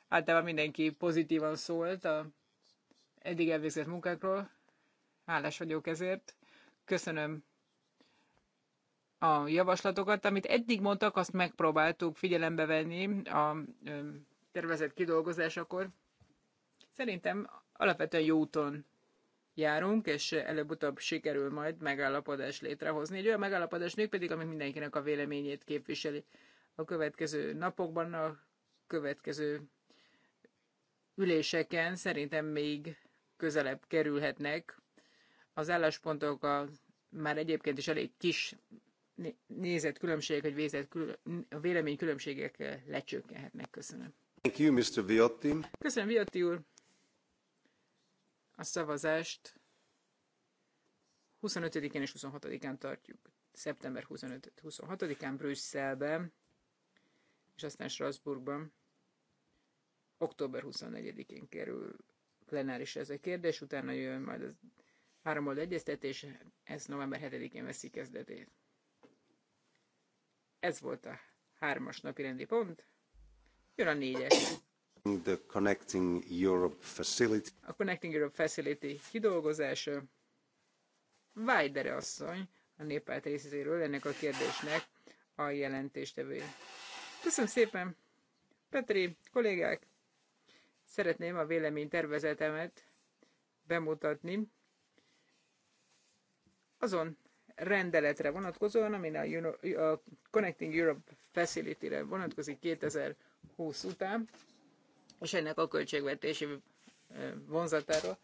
Általában mindenki pozitívan szólt a eddig elvégzett munkákról. Hálás vagyok ezért. Köszönöm a javaslatokat, amit eddig mondtak, azt megpróbáltuk figyelembe venni a tervezett kidolgozásakor. Szerintem alapvetően jó úton járunk, és előbb-utóbb sikerül majd megállapodást létrehozni. Egy olyan megállapodás pedig ami mindenkinek a véleményét képviseli. A következő napokban, a következő üléseken szerintem még közelebb kerülhetnek az álláspontok a már egyébként is elég kis nézetkülönbségek, vagy vézet a vélemény különbségek lecsökkenhetnek. Köszönöm. Thank you, Mr. Viotti. Köszönöm, Viotti úr. A szavazást 25-én és 26-án tartjuk. Szeptember 25-26-án Brüsszelben, és aztán Strasbourgban. Október 24-én kerül plenáris ez a kérdés, utána jön majd az háromoldal egyeztetés, ez november 7-én veszi kezdetét. Ez volt a hármas napi rendi pont. Jön a négyes the Connecting Europe Facility. A Connecting Europe Facility kidolgozása. Vajdere asszony a néppárt részéről ennek a kérdésnek a jelentéstevője. Köszönöm szépen! Petri, kollégák! Szeretném a vélemény tervezetemet bemutatni azon rendeletre vonatkozóan, amin a, Connecting Europe Facility-re vonatkozik 2020 után és ennek a költségvetési vonzatáról.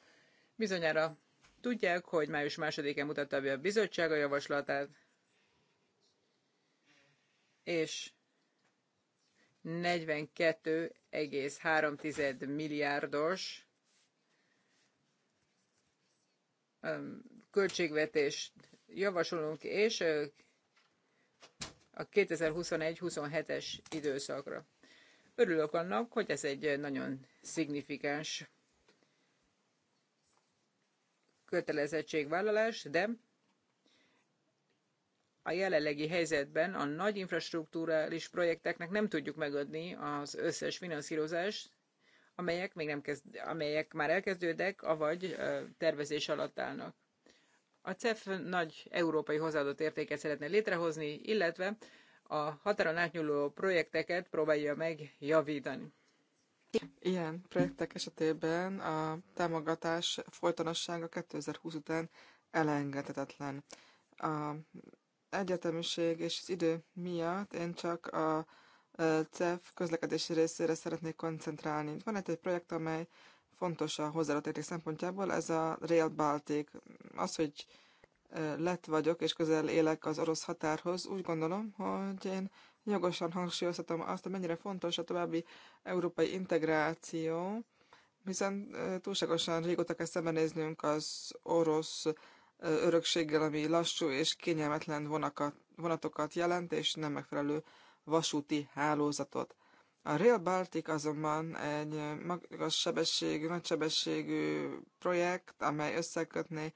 Bizonyára tudják, hogy május másodikán mutatta be a bizottság a javaslatát, és 42,3 milliárdos költségvetést javasolunk, és a 2021-27-es időszakra. Örülök annak, hogy ez egy nagyon szignifikáns kötelezettségvállalás, de a jelenlegi helyzetben a nagy infrastruktúrális projekteknek nem tudjuk megadni az összes finanszírozást, amelyek, még nem kezd, amelyek már elkezdődnek, avagy tervezés alatt állnak. A CEF nagy európai hozzáadott értéket szeretne létrehozni, illetve a határon átnyúló projekteket próbálja meg javítani. Ilyen projektek esetében a támogatás folytonossága 2020 után elengedhetetlen. A egyetemiség és az idő miatt én csak a e, CEF közlekedési részére szeretnék koncentrálni. Van egy, egy projekt, amely fontos a hozzáadott érték szempontjából, ez a Rail Baltic. Az, hogy lett vagyok, és közel élek az orosz határhoz, úgy gondolom, hogy én jogosan hangsúlyozhatom azt, hogy mennyire fontos a további európai integráció, hiszen túlságosan régóta kell szembenéznünk az orosz örökséggel, ami lassú és kényelmetlen vonakat, vonatokat jelent, és nem megfelelő vasúti hálózatot. A Rail Baltic azonban egy magas sebességű, nagy sebességű projekt, amely összekötné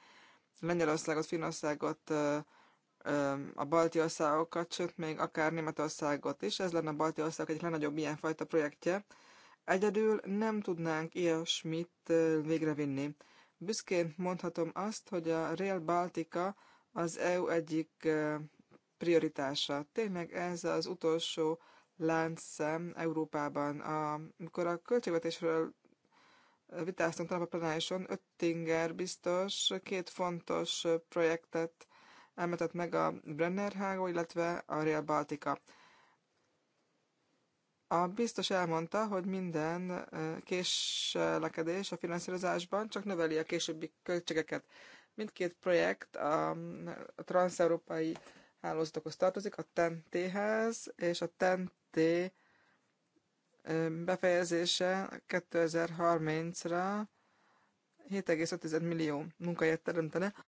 Mennyelországot, Finnországot, a balti országokat, sőt még akár Németországot is. Ez lenne a balti országok egyik legnagyobb ilyenfajta projektje. Egyedül nem tudnánk ilyesmit végrevinni. Büszkén mondhatom azt, hogy a Rail Baltica az EU egyik prioritása. Tényleg ez az utolsó láncszem Európában. Amikor a költségvetésről vitáztunk talán a plenárison, Öttinger biztos két fontos projektet elmetett meg a Brenner hágó, illetve a Real Baltica. A biztos elmondta, hogy minden késlekedés a finanszírozásban csak növeli a későbbi költségeket. Mindkét projekt a, a transeurópai hálózatokhoz tartozik, a TEN-T-hez, és a TEN-T e befejezése 2030-ra 7,5 millió munkahelyet teremtene.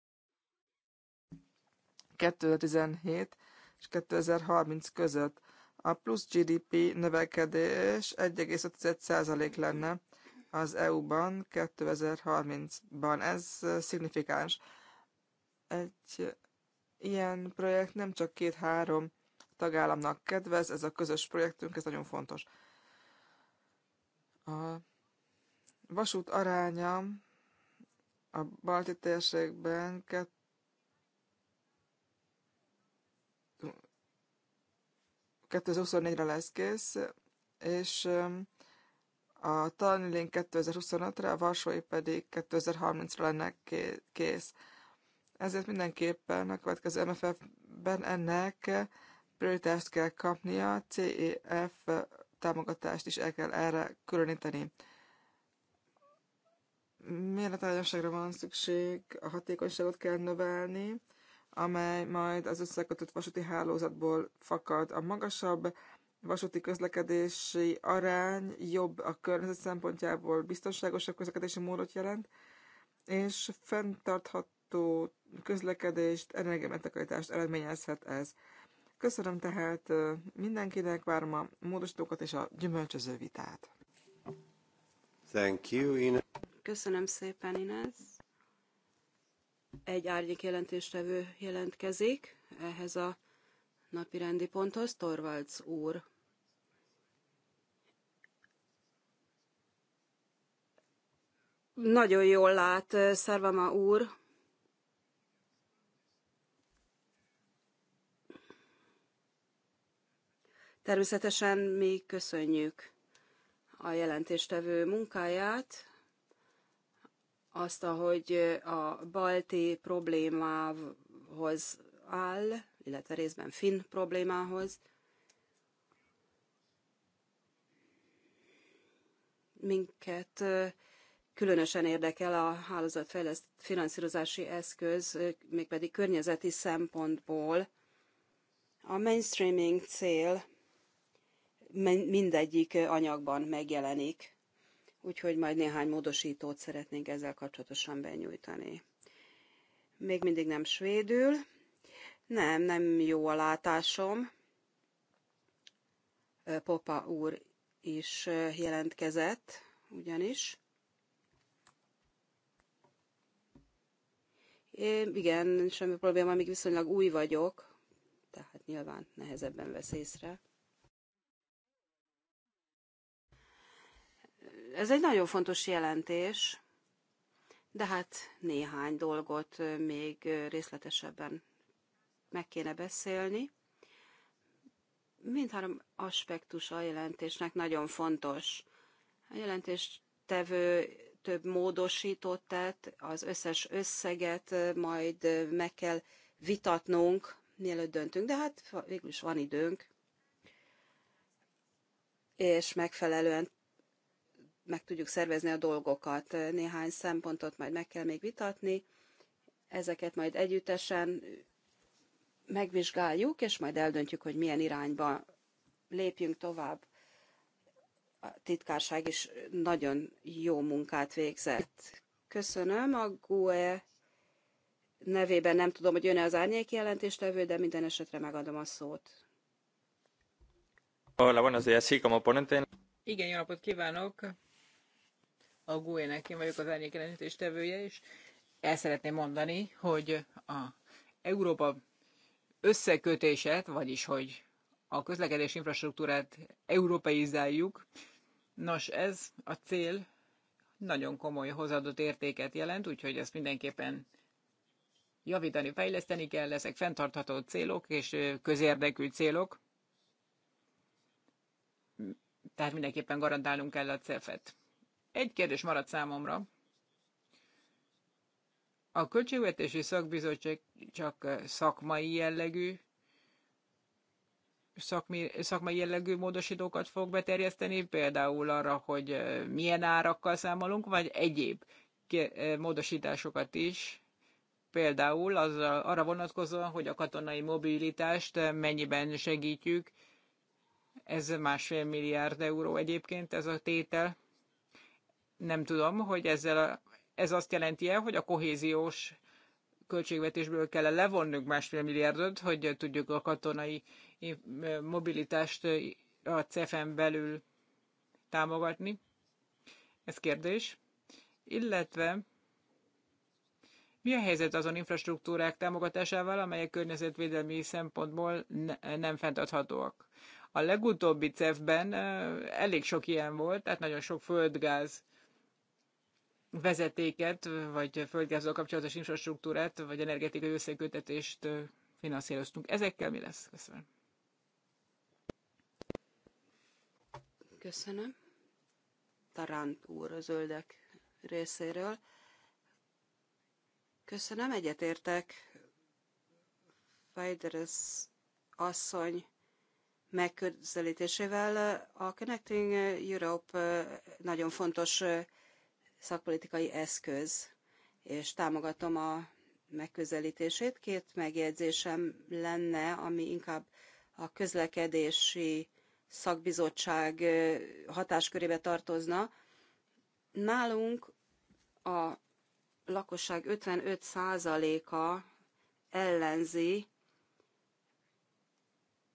2017 és 2030 között a plusz GDP növekedés 1,5% lenne az EU-ban 2030-ban. Ez szignifikáns. Egy ilyen projekt nem csak két-három tagállamnak kedvez, ez a közös projektünk, ez nagyon fontos. A vasút aránya a balti térségben 2 2024-re lesz kész, és um, a Tallinning 2025-re, a Varsói pedig 2030-ra lenne kész. Ezért mindenképpen a következő MFF-ben ennek prioritást kell kapnia, CEF támogatást is el kell erre különíteni. Méletányosságra van szükség, a hatékonyságot kell növelni, amely majd az összekötött vasúti hálózatból fakad. A magasabb vasúti közlekedési arány jobb a környezet szempontjából biztonságosabb közlekedési módot jelent, és fenntartható közlekedést, energiamegtakarítást eredményezhet ez. Köszönöm tehát mindenkinek, várom a módosítókat és a gyümölcsöző vitát. Thank you, Ines. Köszönöm szépen, Inez. Egy árnyék jelentéstevő jelentkezik ehhez a napi rendi ponthoz, Torvalds úr. Nagyon jól lát Szervama úr, Természetesen mi köszönjük a jelentéstevő munkáját, azt, ahogy a balti problémához áll, illetve részben finn problémához. Minket különösen érdekel a hálózatfejleszt finanszírozási eszköz, mégpedig környezeti szempontból. A mainstreaming cél mindegyik anyagban megjelenik. Úgyhogy majd néhány módosítót szeretnénk ezzel kapcsolatosan benyújtani. Még mindig nem svédül. Nem, nem jó a látásom. Popa úr is jelentkezett, ugyanis. Én, igen, semmi probléma, még viszonylag új vagyok, tehát nyilván nehezebben vesz észre. Ez egy nagyon fontos jelentés, de hát néhány dolgot még részletesebben meg kéne beszélni. Mindhárom aspektus a jelentésnek nagyon fontos. A jelentés tevő több módosított tett, az összes összeget majd meg kell vitatnunk, mielőtt döntünk, de hát végül is van időnk, és megfelelően meg tudjuk szervezni a dolgokat. Néhány szempontot majd meg kell még vitatni, ezeket majd együttesen megvizsgáljuk, és majd eldöntjük, hogy milyen irányba lépjünk tovább. A titkárság is nagyon jó munkát végzett. Köszönöm a GUE nevében, nem tudom, hogy jön-e az árnyék jelentéstevő, de minden esetre megadom a szót. Hola, buenos días. Sí, como ponente. Igen, jó napot kívánok! a GUE-nek, én vagyok az árnyék jelentés tevője, és el szeretném mondani, hogy a Európa összekötését, vagyis hogy a közlekedés infrastruktúrát európaizáljuk, nos ez a cél nagyon komoly hozadott értéket jelent, úgyhogy ezt mindenképpen javítani, fejleszteni kell, ezek fenntartható célok és közérdekű célok, tehát mindenképpen garantálnunk kell a CEF-et. Egy kérdés maradt számomra. A Költségvetési Szakbizottság csak eh, szakmai jellegű, szakmi, szakmai jellegű módosítókat fog beterjeszteni, például arra, hogy eh, milyen árakkal számolunk, vagy egyéb eh, módosításokat is, például az, arra vonatkozóan, hogy a katonai mobilitást mennyiben segítjük, ez másfél milliárd euró egyébként ez a tétel. Nem tudom, hogy ezzel a, ez azt jelenti el, hogy a kohéziós költségvetésből kell levonnunk másfél milliárdot, hogy tudjuk a katonai eh, mobilitást eh, a CEFEN belül támogatni. Ez kérdés. Illetve mi a helyzet azon infrastruktúrák támogatásával, amelyek környezetvédelmi szempontból ne, nem fenntarthatóak? A legutóbbi CEF-ben eh, elég sok ilyen volt, tehát nagyon sok földgáz vezetéket, vagy földgázzal kapcsolatos infrastruktúrát, vagy energetikai összekötetést finanszíroztunk. Ezekkel mi lesz? Köszönöm. Köszönöm. Tarant úr a zöldek részéről. Köszönöm, egyetértek. Fajderes asszony megközelítésével a Connecting Europe nagyon fontos szakpolitikai eszköz, és támogatom a megközelítését. Két megjegyzésem lenne, ami inkább a közlekedési szakbizottság hatáskörébe tartozna. Nálunk a lakosság 55%-a ellenzi,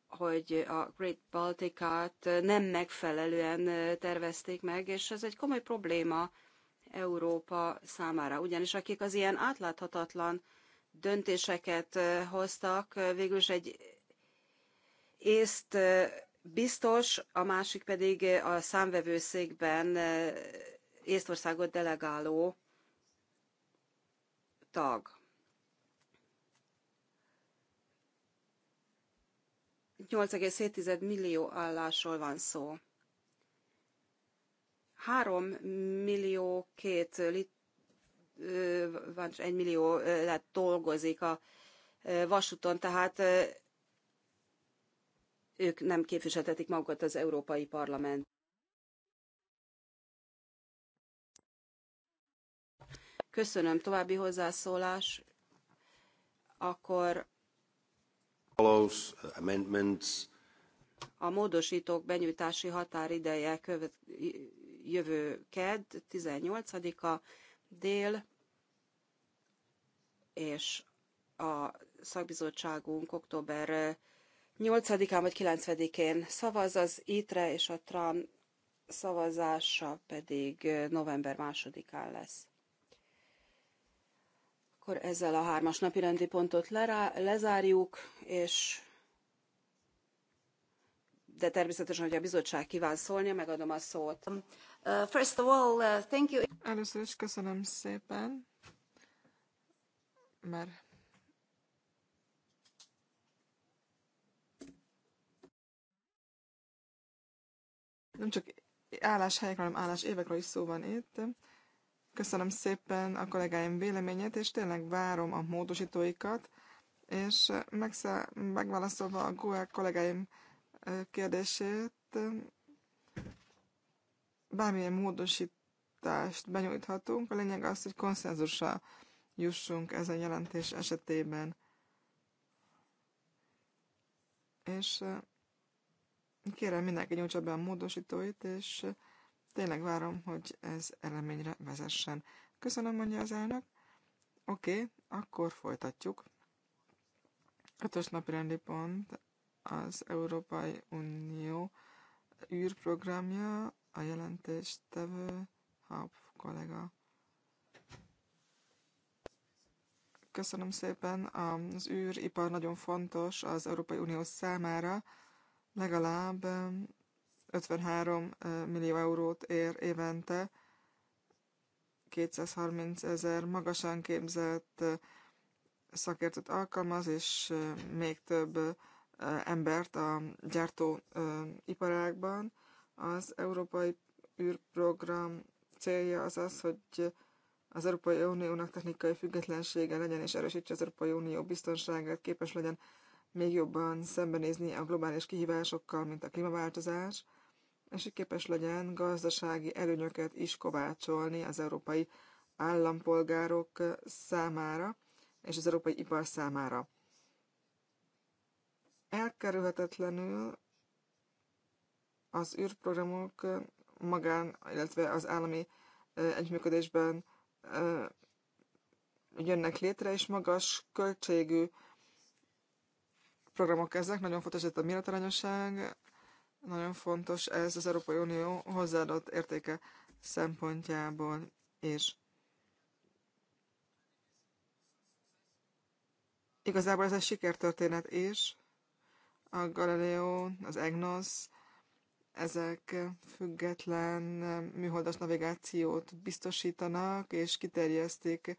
hogy a Great baltic Balticát nem megfelelően tervezték meg, és ez egy komoly probléma Európa számára. Ugyanis akik az ilyen átláthatatlan döntéseket hoztak, végül is egy észt biztos, a másik pedig a számvevőszékben Észtországot delegáló tag. Nyolc millió állásról van szó. 3 millió két lit, vagy egy millió lett dolgozik a vasúton, tehát ők nem képviseltetik magukat az Európai Parlament. Köszönöm. További hozzászólás. Akkor a módosítók benyújtási határideje követ, jövő KED 18-a dél, és a szakbizottságunk október 8-án vagy 9-én szavaz az ITRE, és a TRAN szavazása pedig november 2-án lesz. Akkor ezzel a hármas napi rendi pontot lerá, lezárjuk, és de természetesen, hogy a bizottság kíván szólni, megadom a szót. Uh, first of all, uh, thank you. Először is köszönöm szépen, mert nem csak álláshelyekről, hanem állás évekről is szó van itt. Köszönöm szépen a kollégáim véleményét, és tényleg várom a módosítóikat, és megszá- megválaszolva a GUE kollégáim kérdését, bármilyen módosítást benyújthatunk, a lényeg az, hogy konszenzusra jussunk ezen jelentés esetében. És eh, kérem mindenki nyújtsa be a módosítóit, és eh, tényleg várom, hogy ez eleményre vezessen. Köszönöm, mondja az elnök. Oké, okay, akkor folytatjuk. Ötös napi rendi pont az Európai Unió űrprogramja, a jelentéstevő, Haup kollega. Köszönöm szépen. Az űripar nagyon fontos az Európai Unió számára. Legalább 53 um, uh, millió eurót ér évente. 230 ezer magasan képzett uh, szakértőt alkalmaz, és uh, még több embert a gyártóiparágban. Az Európai űrprogram célja az az, hogy az Európai Uniónak technikai függetlensége legyen és erősítse az Európai Unió biztonságát, képes legyen még jobban szembenézni a globális kihívásokkal, mint a klímaváltozás, és hogy képes legyen gazdasági előnyöket is kovácsolni az európai állampolgárok számára és az európai ipar számára. Elkerülhetetlenül az űrprogramok magán, illetve az állami együttműködésben jönnek létre, és magas költségű programok ezek. Nagyon fontos ez a méretarányosság, nagyon fontos ez az Európai Unió hozzáadott értéke szempontjából és Igazából ez egy sikertörténet is. A Galileo, az EGNOS, ezek független eh, műholdas navigációt biztosítanak, és kiterjesztik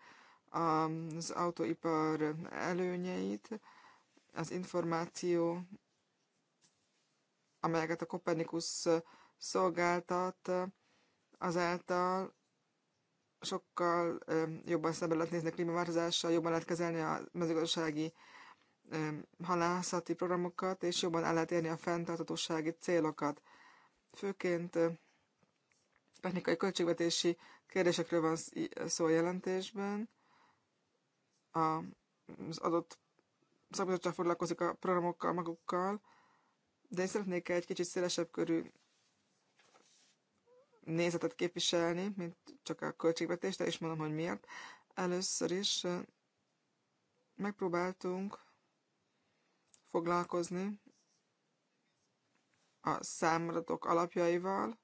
az autóipar előnyeit, az információ, amelyeket a Copernicus szolgáltat, azáltal sokkal eh, jobban szemben lehet nézni a klímaváltozással, jobban lehet kezelni a mezőgazdasági eh, halászati programokat, és jobban el lehet érni a fenntartatósági célokat. Főként technikai költségvetési kérdésekről van szó a jelentésben. Az adott szabadság foglalkozik a programokkal magukkal, de én szeretnék egy kicsit szélesebb körű nézetet képviselni, mint csak a költségvetést, És mondom, hogy miért. Először is megpróbáltunk foglalkozni a számadatok alapjaival,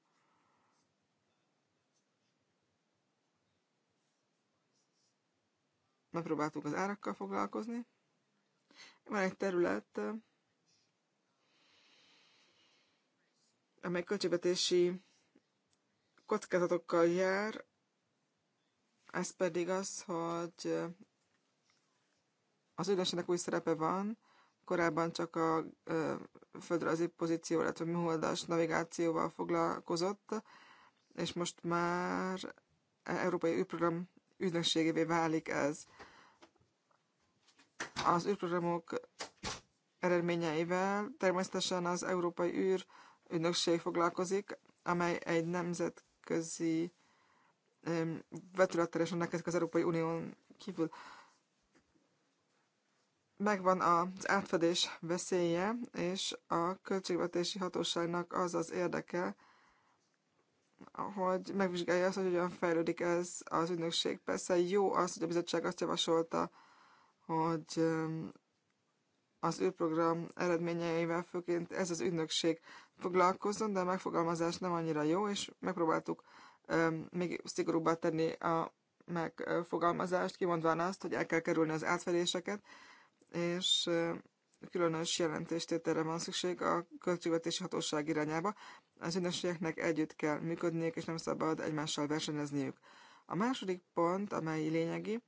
megpróbáltuk az árakkal foglalkozni. Van egy terület, amely költségvetési kockázatokkal jár, ez pedig az, hogy az ügynökségnek új szerepe van, korábban csak a földrajzi pozíció, illetve műholdas navigációval foglalkozott, és most már Európai űrprogram ügynökségévé válik ez. Az űrprogramok eredményeivel természetesen az Európai űr ügynökség foglalkozik, amely egy nemzetközi vetületre és az Európai Unión kívül megvan az átfedés veszélye, és a költségvetési hatóságnak az az érdeke, hogy megvizsgálja azt, hogy hogyan fejlődik ez az ügynökség. Persze jó az, hogy a bizottság azt javasolta, hogy um, az ő program eredményeivel főként ez az ügynökség foglalkozzon, de a megfogalmazás nem annyira jó, és megpróbáltuk um, még szigorúbbá tenni a megfogalmazást, kimondván azt, hogy el kell kerülni az átfedéseket, és különös jelentéstételre van szükség a költségvetési hatóság irányába. Az ügynökségeknek együtt kell működniük, és nem szabad egymással versenyezniük. A második pont, amely lényegi,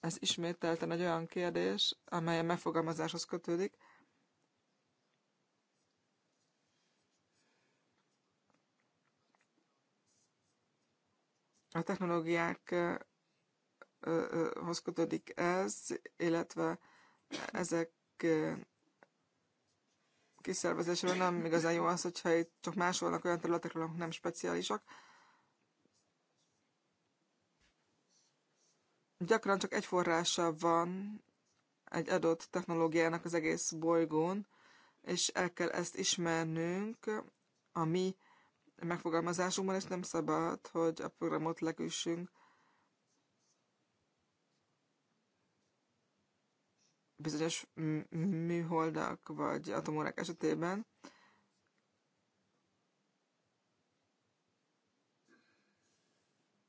ez ismételten egy olyan kérdés, amely a megfogalmazáshoz kötődik, a technológiákhoz kötődik ez, illetve ezek kiszervezésről nem igazán jó az, hogyha itt csak másolnak olyan területekről, amik nem speciálisak. Gyakran csak egy forrása van egy adott technológiának az egész bolygón, és el kell ezt ismernünk a mi megfogalmazásunkban, és nem szabad, hogy a programot leküssünk bizonyos műholdak vagy atomórák esetében,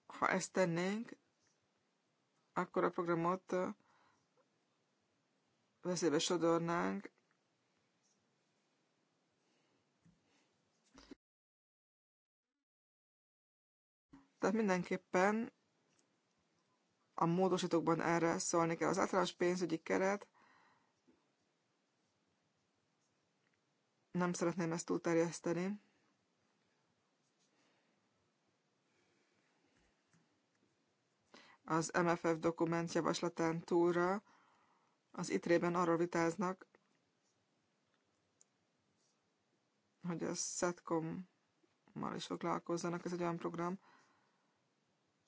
ha ezt tennénk, akkor a programot veszélybe sodornánk, Tehát mindenképpen a módosítókban erre szólni kell. Az általános pénzügyi keret Nem szeretném ezt túlterjeszteni. Az MFF dokument javaslatán túlra az ITRE-ben arról vitáznak, hogy a SETCOM-mal is foglalkozzanak. Ez egy olyan program,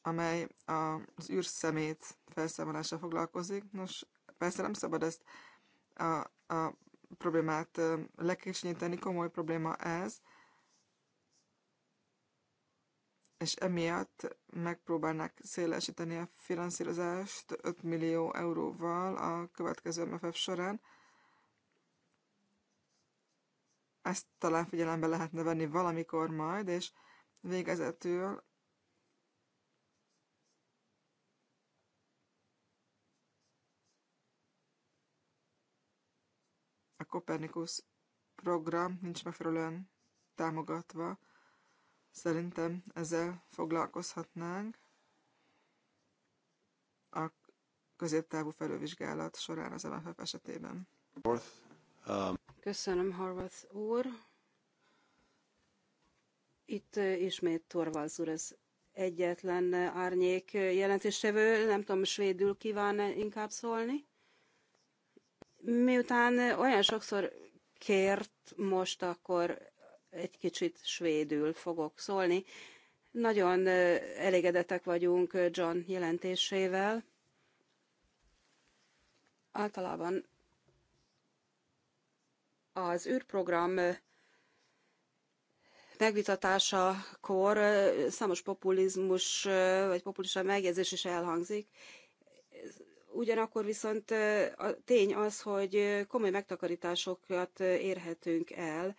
amely a, az űrszemét felszámolással foglalkozik. Nos, persze nem szabad ezt a, a problémát lekicsinyíteni, komoly probléma ez, és emiatt megpróbálnak szélesíteni a finanszírozást 5 millió euróval a következő MFF során. Ezt talán figyelembe lehetne venni valamikor majd, és végezetül Kopernikus program nincs megfelelően támogatva. Szerintem ezzel foglalkozhatnánk a középtávú felővizsgálat során az MFF esetében. Köszönöm, Horvath úr. Itt ismét Torvalds úr az egyetlen árnyék jelentéstevő. Nem tudom, svédül kíván inkább szólni? Miután olyan sokszor kért, most akkor egy kicsit svédül fogok szólni. Nagyon elégedettek vagyunk John jelentésével. Általában az űrprogram megvitatásakor számos populizmus vagy populista megjegyzés is elhangzik, Ugyanakkor viszont a tény az, hogy komoly megtakarításokat érhetünk el.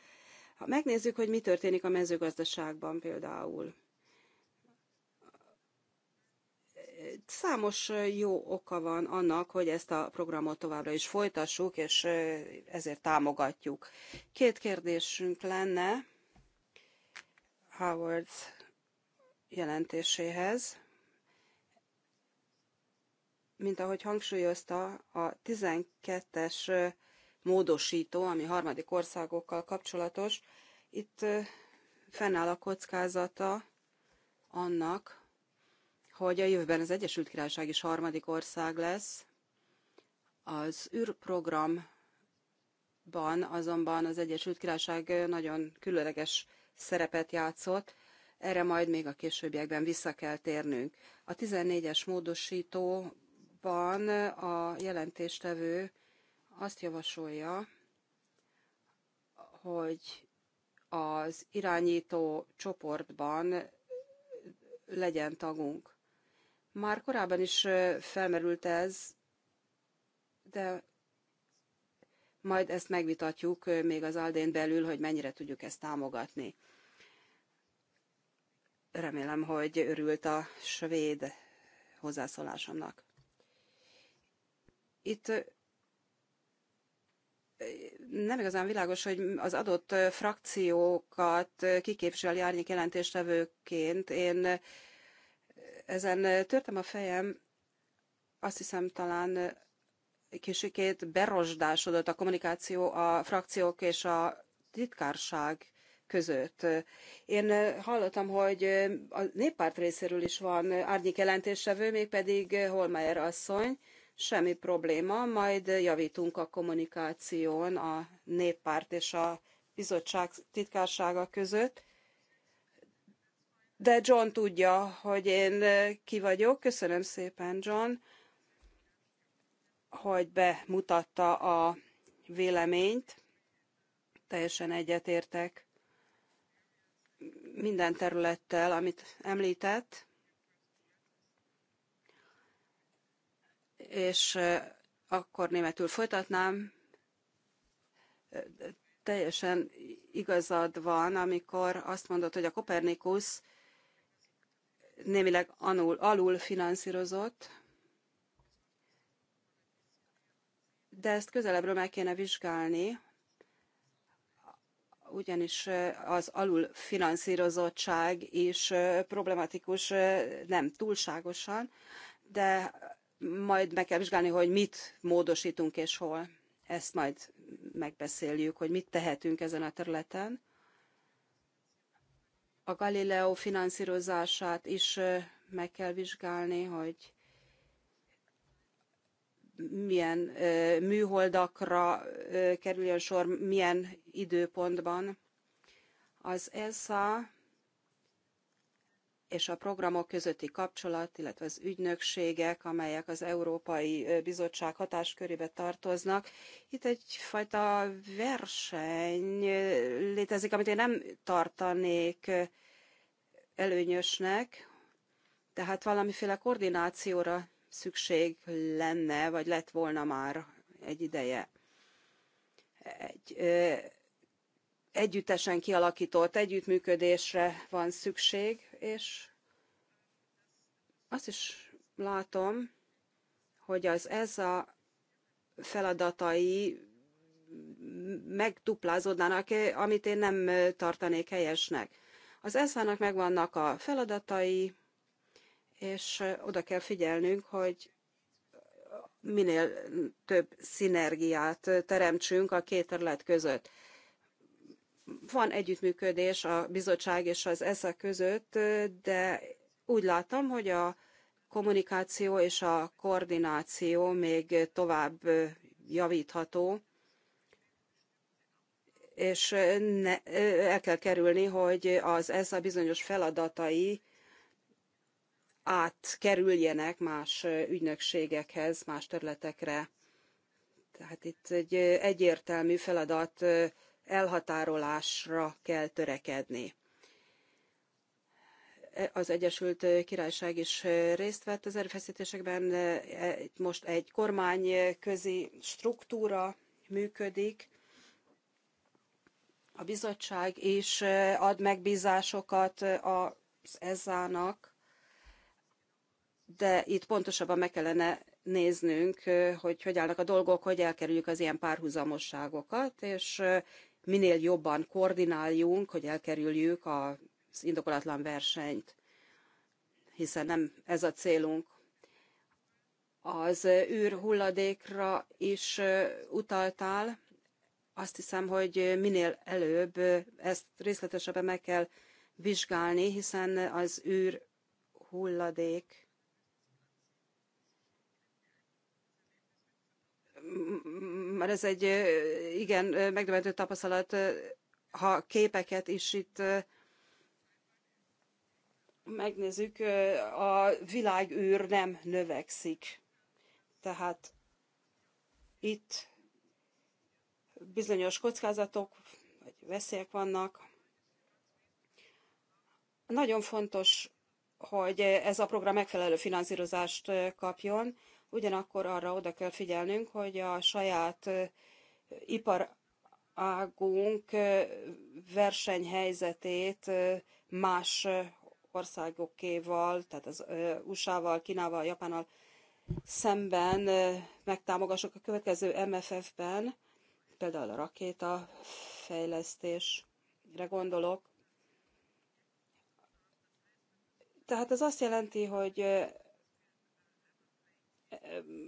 Ha megnézzük, hogy mi történik a mezőgazdaságban például. Számos jó oka van annak, hogy ezt a programot továbbra is folytassuk, és ezért támogatjuk. Két kérdésünk lenne Howard jelentéséhez mint ahogy hangsúlyozta, a 12-es módosító, ami harmadik országokkal kapcsolatos, itt fennáll a kockázata annak, hogy a jövőben az Egyesült Királyság is harmadik ország lesz. Az űrprogramban azonban az Egyesült Királyság nagyon különleges szerepet játszott, erre majd még a későbbiekben vissza kell térnünk. A 14-es módosító ban a jelentéstevő azt javasolja, hogy az irányító csoportban legyen tagunk. Már korábban is felmerült ez, de majd ezt megvitatjuk még az Aldén belül, hogy mennyire tudjuk ezt támogatni. Remélem, hogy örült a svéd hozzászólásomnak. Itt nem igazán világos, hogy az adott frakciókat kiképviseli árnyék jelentéstevőként. Én ezen törtem a fejem, azt hiszem talán kicsikét berosdásodott a kommunikáció a frakciók és a titkárság között. Én hallottam, hogy a néppárt részéről is van árnyék jelentéstevő, mégpedig Holmeier asszony, semmi probléma, majd javítunk a kommunikáción a néppárt és a bizottság titkársága között. De John tudja, hogy én ki vagyok. Köszönöm szépen, John, hogy bemutatta a véleményt. Teljesen egyetértek minden területtel, amit említett. és akkor németül folytatnám. Teljesen igazad van, amikor azt mondod, hogy a Kopernikus némileg anul, alul finanszírozott, de ezt közelebbről meg kéne vizsgálni, ugyanis az alul finanszírozottság is problematikus, nem túlságosan, de majd meg kell vizsgálni, hogy mit módosítunk és hol. Ezt majd megbeszéljük, hogy mit tehetünk ezen a területen. A Galileo finanszírozását is meg kell vizsgálni, hogy milyen műholdakra kerüljön sor, milyen időpontban. Az ESA és a programok közötti kapcsolat, illetve az ügynökségek, amelyek az Európai Bizottság hatáskörébe tartoznak. Itt egyfajta verseny létezik, amit én nem tartanék előnyösnek, tehát valamiféle koordinációra szükség lenne, vagy lett volna már egy ideje. Egy együttesen kialakított együttműködésre van szükség, és azt is látom, hogy az ez a feladatai megduplázódnának, amit én nem tartanék helyesnek. Az ESZÁ-nak megvannak a feladatai, és oda kell figyelnünk, hogy minél több szinergiát teremtsünk a két terület között. Van együttműködés a bizottság és az ESZA között, de úgy látom, hogy a kommunikáció és a koordináció még tovább javítható, és ne, el kell kerülni, hogy az ESZA bizonyos feladatai átkerüljenek más ügynökségekhez, más területekre. Tehát itt egy egyértelmű feladat elhatárolásra kell törekedni. Az Egyesült Királyság is részt vett az erőfeszítésekben, most egy kormányközi struktúra működik, a bizottság is ad megbízásokat az ezának, de itt pontosabban meg kellene néznünk, hogy hogy állnak a dolgok, hogy elkerüljük az ilyen párhuzamosságokat, és minél jobban koordináljunk, hogy elkerüljük az indokolatlan versenyt, hiszen nem ez a célunk. Az űrhulladékra is utaltál, azt hiszem, hogy minél előbb ezt részletesebben meg kell vizsgálni, hiszen az űr hulladék mert ez egy igen megdöbbentő tapasztalat, ha képeket is itt megnézzük, a világűr nem növekszik. Tehát itt bizonyos kockázatok vagy veszélyek vannak. Nagyon fontos, hogy ez a program megfelelő finanszírozást kapjon ugyanakkor arra oda kell figyelnünk, hogy a saját iparágunk versenyhelyzetét más országokéval, tehát az USA-val, Kínával, Japánnal szemben megtámogassuk a következő MFF-ben, például a rakétafejlesztésre gondolok. Tehát ez azt jelenti, hogy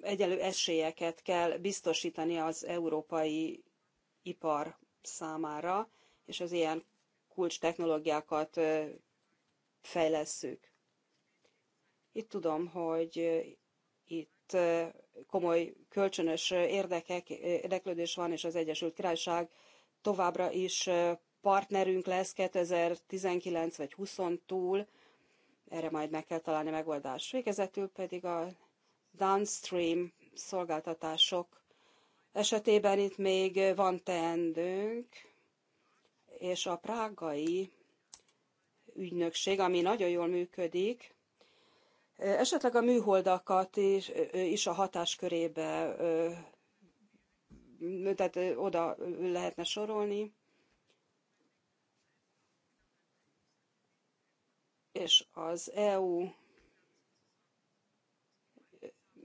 egyenlő esélyeket kell biztosítani az európai ipar számára, és az ilyen kulcs technológiákat fejlesszük. Itt tudom, hogy itt komoly kölcsönös érdekek, érdeklődés van, és az Egyesült Királyság továbbra is partnerünk lesz 2019 vagy 20 túl, erre majd meg kell találni megoldást. Végezetül pedig a downstream szolgáltatások esetében itt még van teendőnk, és a prágai ügynökség, ami nagyon jól működik, esetleg a műholdakat is, is a hatáskörébe, tehát oda lehetne sorolni. És az EU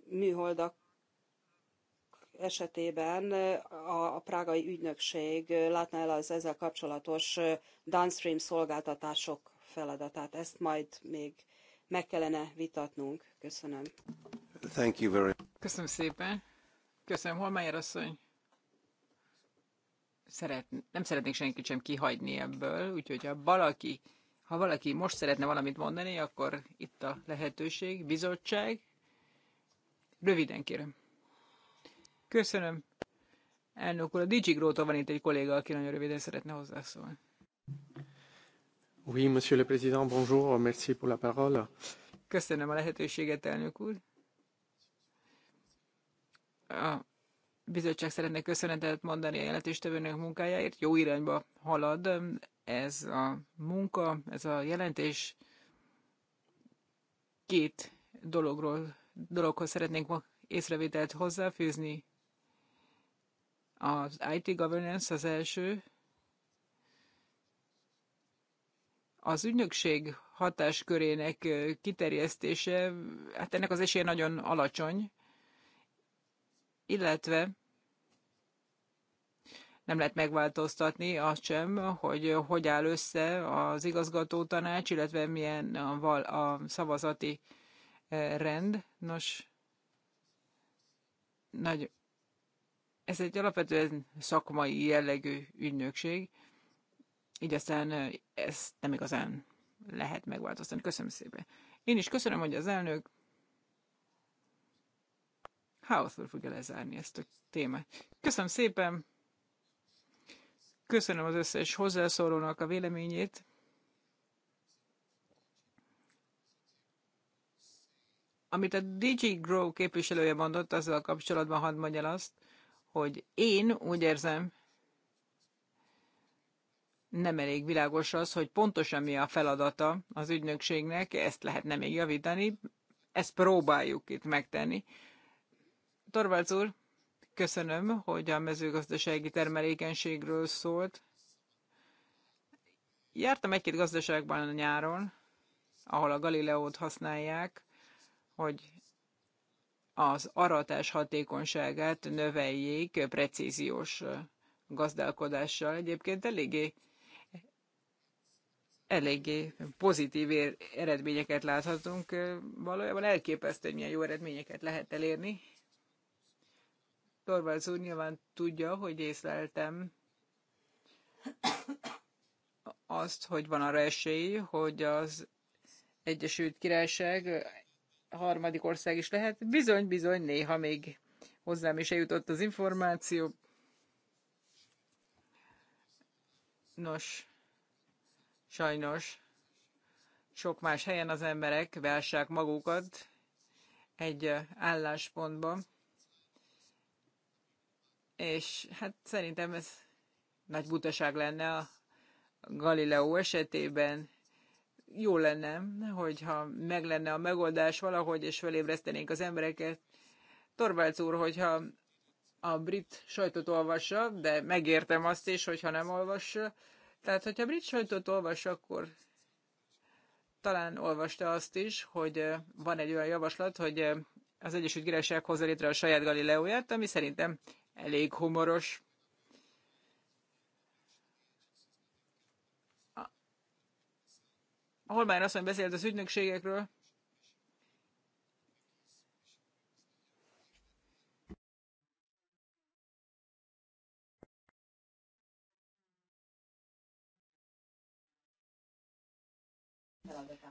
műholdak esetében eh, a prágai ügynökség eh, látná el az ezzel kapcsolatos eh, downstream szolgáltatások feladatát. Ezt majd még meg kellene vitatnunk. Köszönöm. Thank you very... Köszönöm szépen. Köszönöm, Holmeyer asszony. Szeret, nem szeretnék senkit sem kihagyni ebből, úgyhogy ha valaki, ha valaki most szeretne valamit mondani, akkor itt a lehetőség, bizottság, Röviden kérem. Köszönöm. Elnök úr, a Digigrótól van itt egy kolléga, aki nagyon röviden szeretne hozzászólni. Oui, monsieur le président, bonjour, merci pour la parole. Köszönöm a lehetőséget, elnök úr. A bizottság szeretne köszönetet mondani a jelentéstevőnek munkájáért. Jó irányba halad ez a munka, ez a jelentés két dologról dologhoz szeretnénk ma észrevételt hozzáfűzni. Az IT governance az első. Az ügynökség hatáskörének kiterjesztése, hát ennek az esélye nagyon alacsony, illetve nem lehet megváltoztatni azt sem, hogy hogy áll össze az igazgató tanács, illetve milyen a, a szavazati rend. Nos, nagy, ez egy alapvetően szakmai jellegű ügynökség, így aztán ezt nem igazán lehet megváltoztatni. Köszönöm szépen. Én is köszönöm, hogy az elnök Howthor fogja lezárni ezt a témát. Köszönöm szépen! Köszönöm az összes hozzászólónak a véleményét. Amit a DG Grow képviselője mondott, azzal kapcsolatban hadd mondja azt, hogy én úgy érzem, nem elég világos az, hogy pontosan mi a feladata az ügynökségnek, ezt lehetne még javítani, ezt próbáljuk itt megtenni. Torvalds úr, köszönöm, hogy a mezőgazdasági termelékenységről szólt. Jártam egy-két gazdaságban a nyáron, ahol a Galileót használják, hogy az aratás hatékonyságát növeljék precíziós gazdálkodással. Egyébként eléggé, eléggé pozitív eredményeket láthatunk. Valójában elképesztő, hogy milyen jó eredményeket lehet elérni. Torvalds úr nyilván tudja, hogy észleltem azt, hogy van arra esély, hogy az Egyesült Királyság harmadik ország is lehet. Bizony, bizony, néha még hozzám is eljutott az információ. Nos, sajnos sok más helyen az emberek versák magukat egy álláspontba, és hát szerintem ez nagy butaság lenne a Galileo esetében jó lenne, hogyha meg lenne a megoldás valahogy, és felébresztenénk az embereket. Torvalds úr, hogyha a brit sajtot olvassa, de megértem azt is, hogyha nem olvassa. Tehát, hogyha a brit sajtot olvas, akkor talán olvasta azt is, hogy eh, van egy olyan javaslat, hogy eh, az Egyesült Királyság hozza létre a saját Galileóját, ami szerintem elég humoros. A Holmár asszony beszélt az ügynökségekről.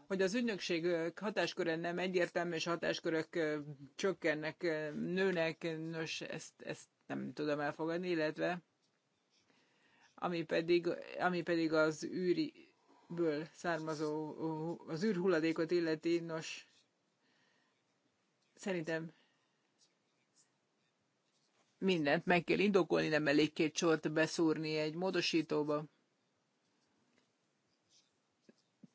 hogy az ügynökség hatásköre nem egyértelmű, és hatáskörök csökkennek, nőnek, nos, ezt, ezt nem tudom elfogadni, illetve ami pedig, ami pedig az űri ből származó, az űrhulladékot illeti, nos, szerintem mindent meg kell indokolni, nem elég két sort beszúrni egy módosítóba.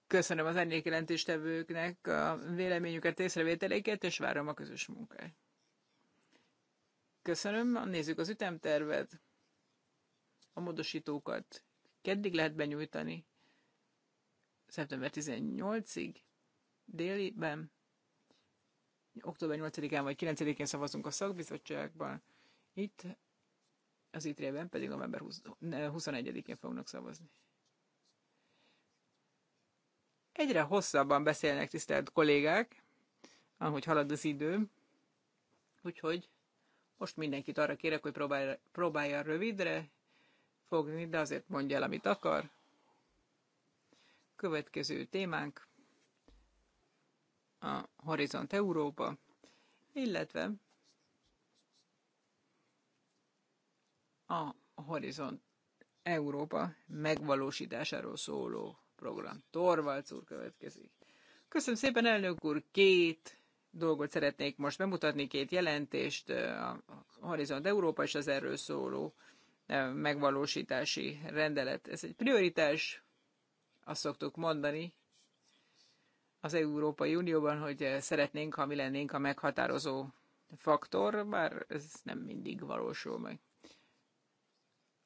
Köszönöm az ennél jelentéstevőknek a véleményüket, észrevételéket, és várom a közös munkát. Köszönöm, nézzük az ütemtervet, a módosítókat. Keddig lehet benyújtani? szeptember 18-ig déliben, október 8-án vagy 9-én szavazunk a szakbizottságban, itt az itre pedig november 21-én fognak szavazni. Egyre hosszabban beszélnek, tisztelt kollégák, ahogy halad az idő, úgyhogy most mindenkit arra kérek, hogy próbálja, próbálja rövidre fogni, de azért mondja el, amit akar. Következő témánk a Horizont Európa, illetve a Horizont Európa megvalósításáról szóló program. Torvalds úr következik. Köszönöm szépen, elnök úr! Két dolgot szeretnék most bemutatni, két jelentést, a Horizont Európa és az erről szóló eh, megvalósítási rendelet. Ez egy prioritás azt szoktuk mondani az Európai Unióban, hogy szeretnénk, ha mi lennénk a meghatározó faktor, bár ez nem mindig valósul meg.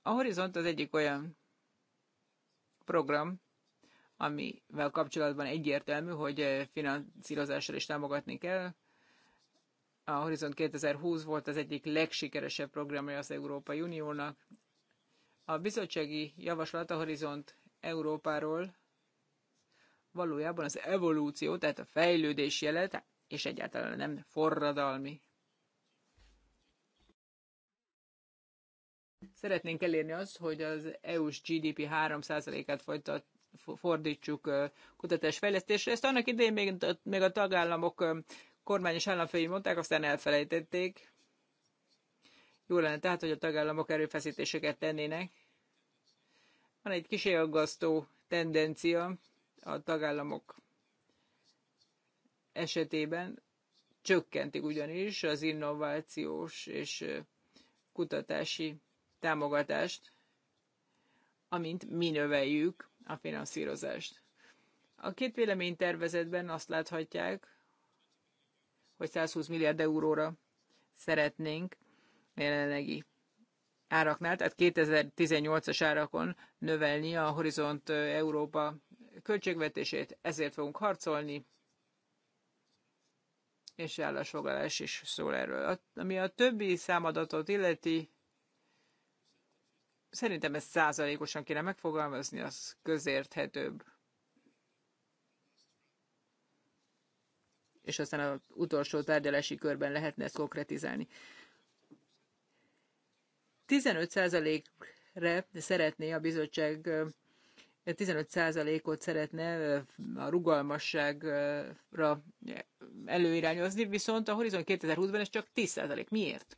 A Horizont az egyik olyan program, amivel kapcsolatban egyértelmű, hogy finanszírozásra is támogatni kell. A Horizont 2020 volt az egyik legsikeresebb programja az Európai Uniónak. A bizottsági javaslat a Horizont Európáról valójában az evolúció, tehát a fejlődés jelet, és egyáltalán nem forradalmi. Szeretnénk elérni azt, hogy az EU-s GDP 3%-át folytat, fordítsuk kutatásfejlesztésre. Ezt annak idején még, még a tagállamok kormányos államfői mondták, aztán elfelejtették. Jó lenne tehát, hogy a tagállamok erőfeszítéseket tennének. Van egy kis aggasztó tendencia a tagállamok esetében, csökkentik ugyanis az innovációs és kutatási támogatást, amint mi növeljük a finanszírozást. A két tervezetben azt láthatják, hogy 120 milliárd euróra szeretnénk jelenlegi áraknál, tehát 2018-as árakon növelni a Horizont Európa költségvetését, ezért fogunk harcolni, és állásfoglalás is szól erről. Ami a többi számadatot illeti, szerintem ezt százalékosan kéne megfogalmazni, az közérthetőbb. És aztán az utolsó tárgyalási körben lehetne ezt konkretizálni. 15%-re szeretné a bizottság 15%-ot szeretne a rugalmasságra előirányozni, viszont a Horizon 2020-ban ez csak 10%. Miért?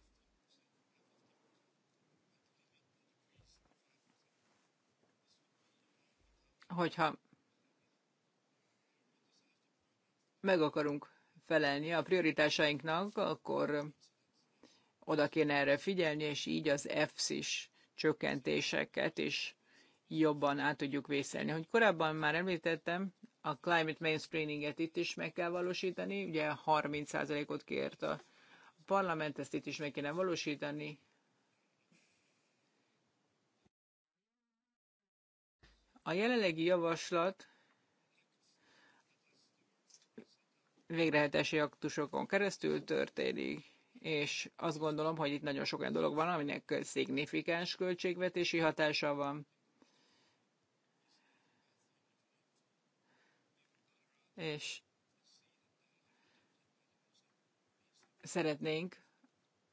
Hogyha meg akarunk felelni a prioritásainknak, akkor oda kéne erre figyelni, és így az EFSIS csökkentéseket is jobban át tudjuk vészelni. Hogy korábban már említettem, a climate mainstreaminget itt is meg kell valósítani, ugye 30%-ot kért a parlament, ezt itt is meg kéne valósítani. A jelenlegi javaslat végrehetési aktusokon keresztül történik és azt gondolom, hogy itt nagyon sok olyan dolog van, aminek szignifikáns költségvetési hatása van. És szeretnénk,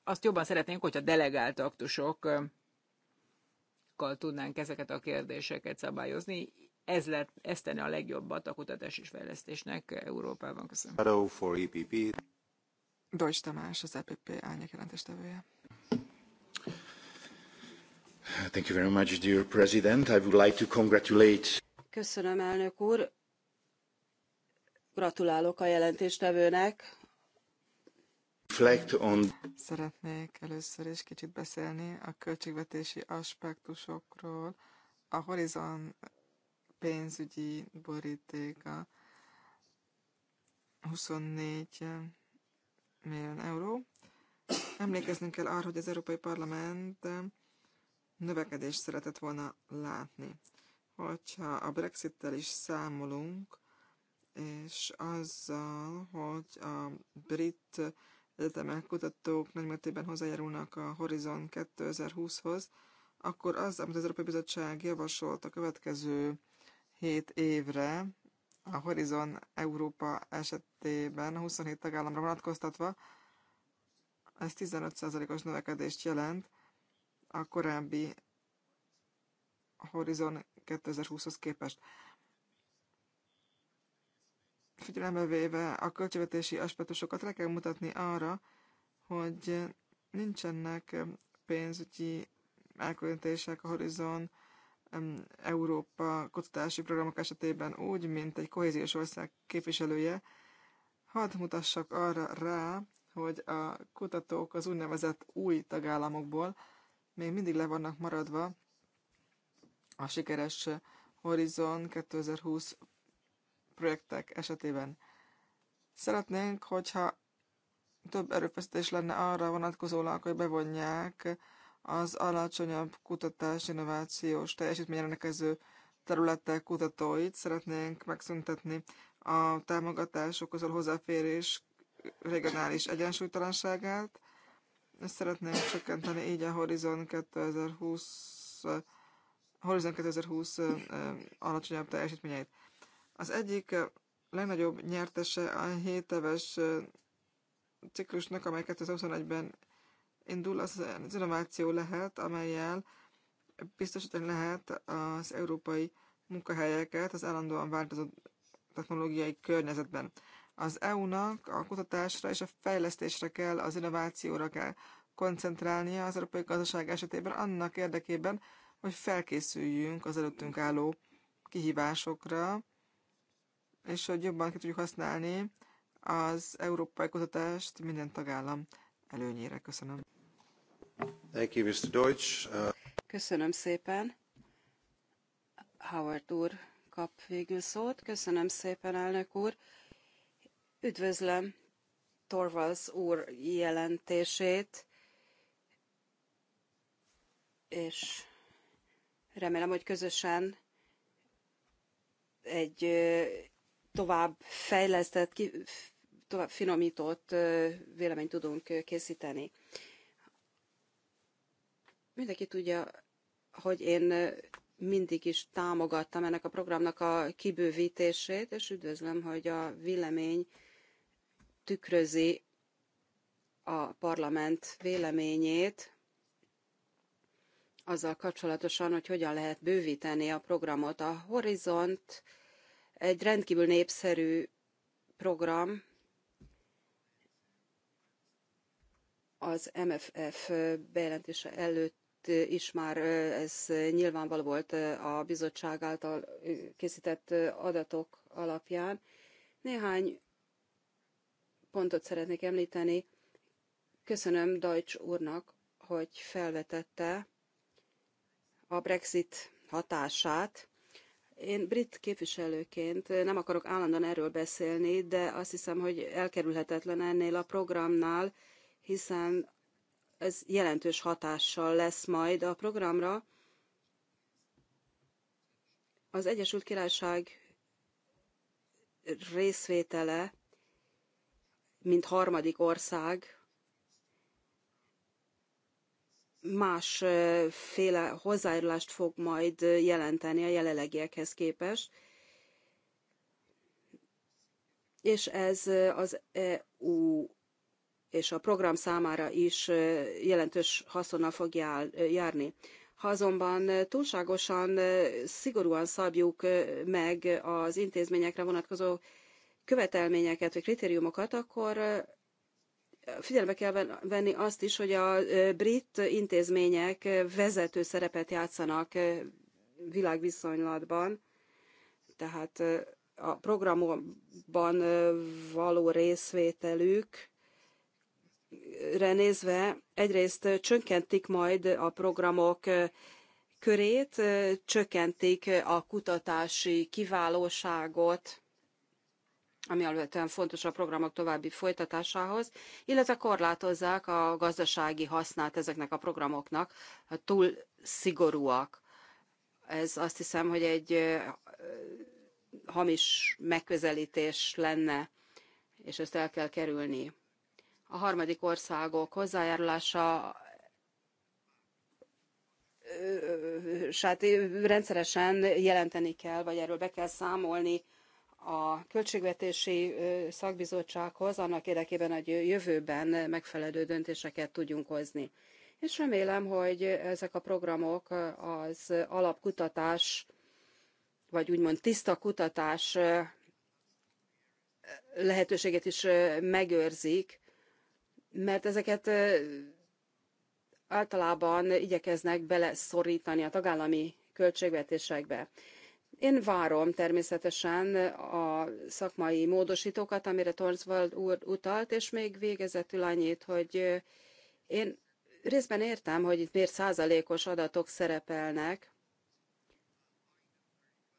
azt jobban szeretnénk, hogyha delegált aktusokkal tudnánk ezeket a kérdéseket szabályozni. Ez, lett, ez tenni a legjobbat a kutatás és fejlesztésnek Európában. Köszönöm. Hello for EPP. Deutsch Tamás, az EPP álnyak jelentéstevője. Thank you very much, dear President. I would like to congratulate... Köszönöm, elnök úr. Gratulálok a jelentéstevőnek. Reflect on... Szeretnék először is kicsit beszélni a költségvetési aspektusokról. A Horizon pénzügyi borítéka 24 millió euró. Emlékeznünk kell arra, hogy az Európai Parlament eh, növekedést szeretett volna látni. Hogyha a Brexit-tel is számolunk, és azzal, hogy a brit egyetemek, kutatók nagymértékben hozzájárulnak a Horizon 2020-hoz, akkor az, amit az Európai Bizottság javasolt a következő hét évre, a Horizon Európa esetében 27 tagállamra vonatkoztatva, ez 15%-os növekedést jelent a korábbi Horizon 2020-hoz képest. Figyelembe véve a költségvetési aspektusokat le kell mutatni arra, hogy nincsenek pénzügyi elkülönítések a Horizon Európa kutatási programok esetében úgy, mint egy kohéziós ország képviselője, hadd mutassak arra rá, hogy a kutatók az úgynevezett új tagállamokból még mindig le vannak maradva a sikeres Horizon 2020 projektek esetében. Szeretnénk, hogyha több erőfeszítés lenne arra vonatkozólag, hogy bevonják az alacsonyabb kutatás, innovációs teljesítmény rendelkező területek kutatóit szeretnénk megszüntetni a támogatásokhoz a hozzáférés regionális egyensúlytalanságát. Ezt szeretnénk csökkenteni így a Horizon 2020, Horizon 2020 alacsonyabb teljesítményeit. Az egyik legnagyobb nyertese a 7 éves ciklusnak, amely 2021-ben indul, az az innováció lehet, amelyel biztosítani lehet az európai munkahelyeket az állandóan változó technológiai környezetben. Az EU-nak a kutatásra és a fejlesztésre kell, az innovációra kell koncentrálnia az európai gazdaság esetében annak érdekében, hogy felkészüljünk az előttünk álló kihívásokra, és hogy jobban ki tudjuk használni az európai kutatást minden tagállam előnyére. Köszönöm. Thank you, Mr. Deutsch. Uh... Köszönöm szépen. Howard úr kap végül szót. Köszönöm szépen, elnök úr. Üdvözlöm Torvalds úr jelentését, és remélem, hogy közösen egy tovább fejlesztett, tovább finomított véleményt tudunk készíteni. Mindenki tudja, hogy én mindig is támogattam ennek a programnak a kibővítését, és üdvözlöm, hogy a vélemény tükrözi a parlament véleményét azzal kapcsolatosan, hogy hogyan lehet bővíteni a programot. A Horizont egy rendkívül népszerű program, az MFF bejelentése előtt eh, is már eh, ez nyilvánvaló volt eh, a bizottság által készített adatok alapján. Néhány pontot szeretnék említeni. Köszönöm Deutsch úrnak, hogy felvetette a Brexit hatását. Én brit képviselőként nem akarok állandóan erről beszélni, de azt hiszem, hogy elkerülhetetlen ennél a programnál, hiszen ez jelentős hatással lesz majd a programra. Az Egyesült Királyság részvétele, mint harmadik ország, másféle hozzájárulást fog majd jelenteni a jelenlegiekhez képest, és ez az EU és a program számára is jelentős haszonnal fog járni. Ha azonban túlságosan szigorúan szabjuk meg az intézményekre vonatkozó követelményeket vagy kritériumokat, akkor figyelembe kell venni azt is, hogy a brit intézmények vezető szerepet játszanak világviszonylatban, tehát a programban való részvételük jövőre nézve egyrészt csökkentik majd a programok körét, csökkentik a kutatási kiválóságot, ami alapvetően fontos a programok további folytatásához, illetve korlátozzák a gazdasági hasznát ezeknek a programoknak, ha hát túl szigorúak. Ez azt hiszem, hogy egy hamis megközelítés lenne, és ezt el kell kerülni a harmadik országok hozzájárulása hát rendszeresen jelenteni kell, vagy erről be kell számolni a költségvetési szakbizottsághoz, annak érdekében, hogy jövőben megfelelő döntéseket tudjunk hozni. És remélem, hogy ezek a programok az alapkutatás, vagy úgymond tiszta kutatás lehetőségét is megőrzik, mert ezeket általában igyekeznek beleszorítani a tagállami költségvetésekbe. Én várom természetesen a szakmai módosítókat, amire Torzvald úr utalt, és még végezetül annyit, hogy én részben értem, hogy itt miért százalékos adatok szerepelnek,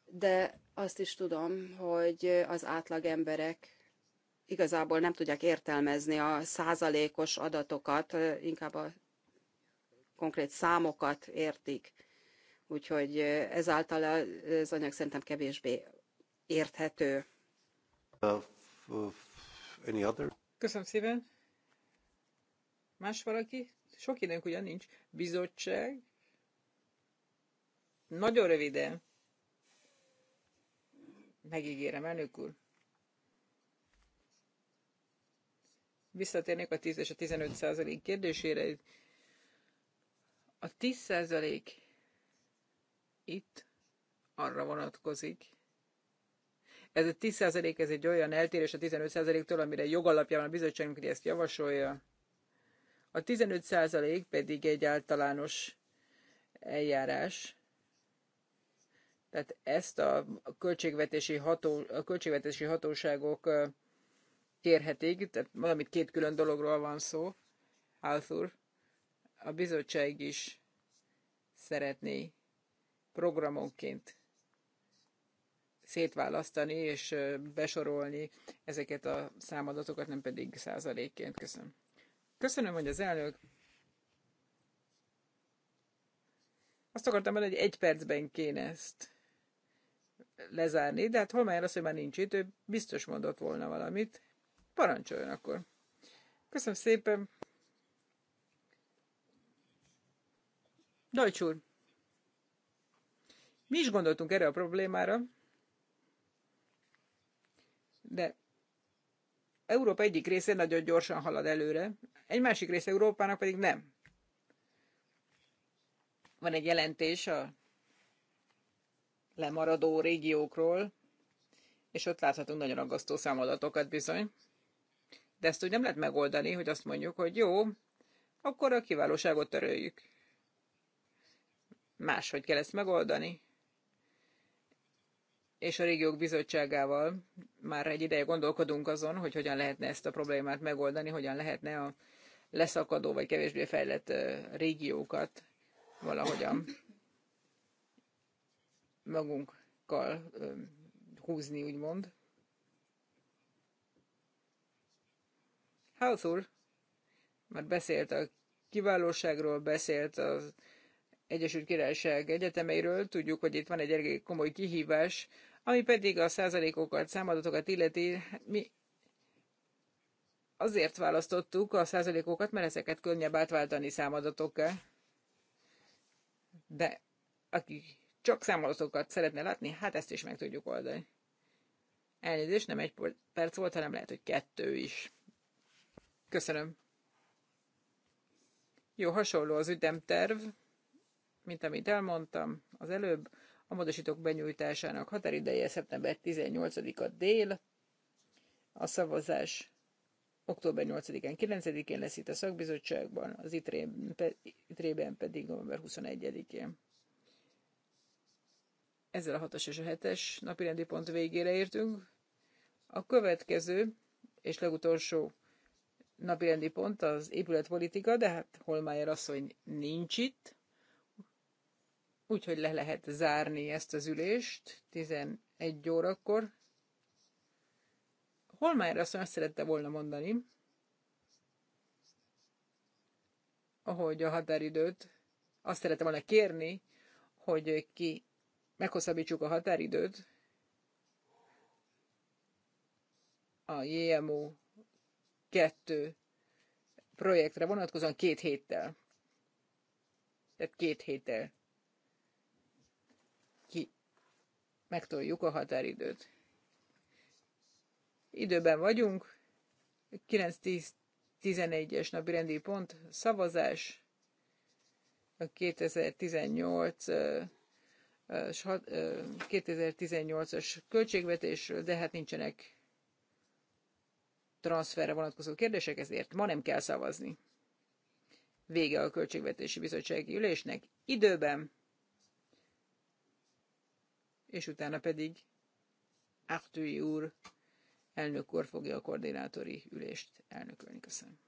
de azt is tudom, hogy az átlagemberek igazából nem tudják értelmezni a százalékos adatokat, inkább a konkrét számokat értik. Úgyhogy ezáltal az anyag szerintem kevésbé érthető. Uh, Köszönöm szépen. Más valaki? Sok időnk ugyan nincs. Bizottság. Nagyon röviden. Megígérem, elnök úr. visszatérnék a 10 és a 15 százalék kérdésére. A 10 százalék itt arra vonatkozik, ez a 10 százalék, ez egy olyan eltérés a 15 százaléktől, amire jogalapjában a bizottságunk ezt javasolja. A 15 százalék pedig egy általános eljárás, tehát ezt a költségvetési, ható, a költségvetési hatóságok kérhetik, tehát valamit két külön dologról van szó, Arthur. A bizottság is szeretné programonként szétválasztani és besorolni ezeket a számadatokat, nem pedig százalékként. Köszönöm. Köszönöm, hogy az elnök. Azt akartam mondani, hogy egy percben kéne ezt lezárni, de hát már az, hogy már nincs idő, biztos mondott volna valamit. Parancsoljon akkor. Köszönöm szépen. Dajcs úr, mi is gondoltunk erre a problémára, de Európa egyik része nagyon gyorsan halad előre, egy másik része Európának pedig nem. Van egy jelentés a lemaradó régiókról, és ott láthatunk nagyon aggasztó számadatokat bizony. De ezt úgy nem lehet megoldani, hogy azt mondjuk, hogy jó, akkor a kiválóságot töröljük. Máshogy kell ezt megoldani. És a régiók bizottságával már egy ideje gondolkodunk azon, hogy hogyan lehetne ezt a problémát megoldani, hogyan lehetne a leszakadó vagy kevésbé fejlett régiókat valahogyan magunkkal húzni, úgymond. House úr már beszélt a kiválóságról, beszélt az Egyesült Királyság egyetemeiről, tudjuk, hogy itt van egy elég komoly kihívás, ami pedig a százalékokat, számadatokat illeti, mi azért választottuk a százalékokat, mert ezeket könnyebb átváltani számadatokkal. De aki csak számadatokat szeretne látni, hát ezt is meg tudjuk oldani. Elnézést, nem egy perc volt, hanem lehet, hogy kettő is. Köszönöm. Jó, hasonló az ütemterv, mint amit elmondtam az előbb. A módosítók benyújtásának határideje szeptember 18-a dél. A szavazás október 8-án, 9-én lesz itt a szakbizottságban, az ITRE-ben pedig november 21-én. Ezzel a 6-as és a 7-es napirendi pont végére értünk. A következő és legutolsó napirendi pont az épületpolitika, de hát Holmájer asszony nincs itt, úgyhogy le lehet zárni ezt az ülést 11 órakor. Holmájer asszony azt szerette volna mondani, ahogy a határidőt, azt szerette volna kérni, hogy ki meghosszabbítsuk a határidőt a JMO kettő projektre vonatkozóan két héttel. Tehát két héttel ki megtoljuk a határidőt. Időben vagyunk, 9-10-11-es napi rendi pont, szavazás, a 2018 2018-as költségvetésről, de hát nincsenek transferre vonatkozó kérdések, ezért ma nem kell szavazni. Vége a Költségvetési Bizottsági Ülésnek időben, és utána pedig Artúi úr elnök úr fogja a koordinátori ülést elnökölni. Köszönöm.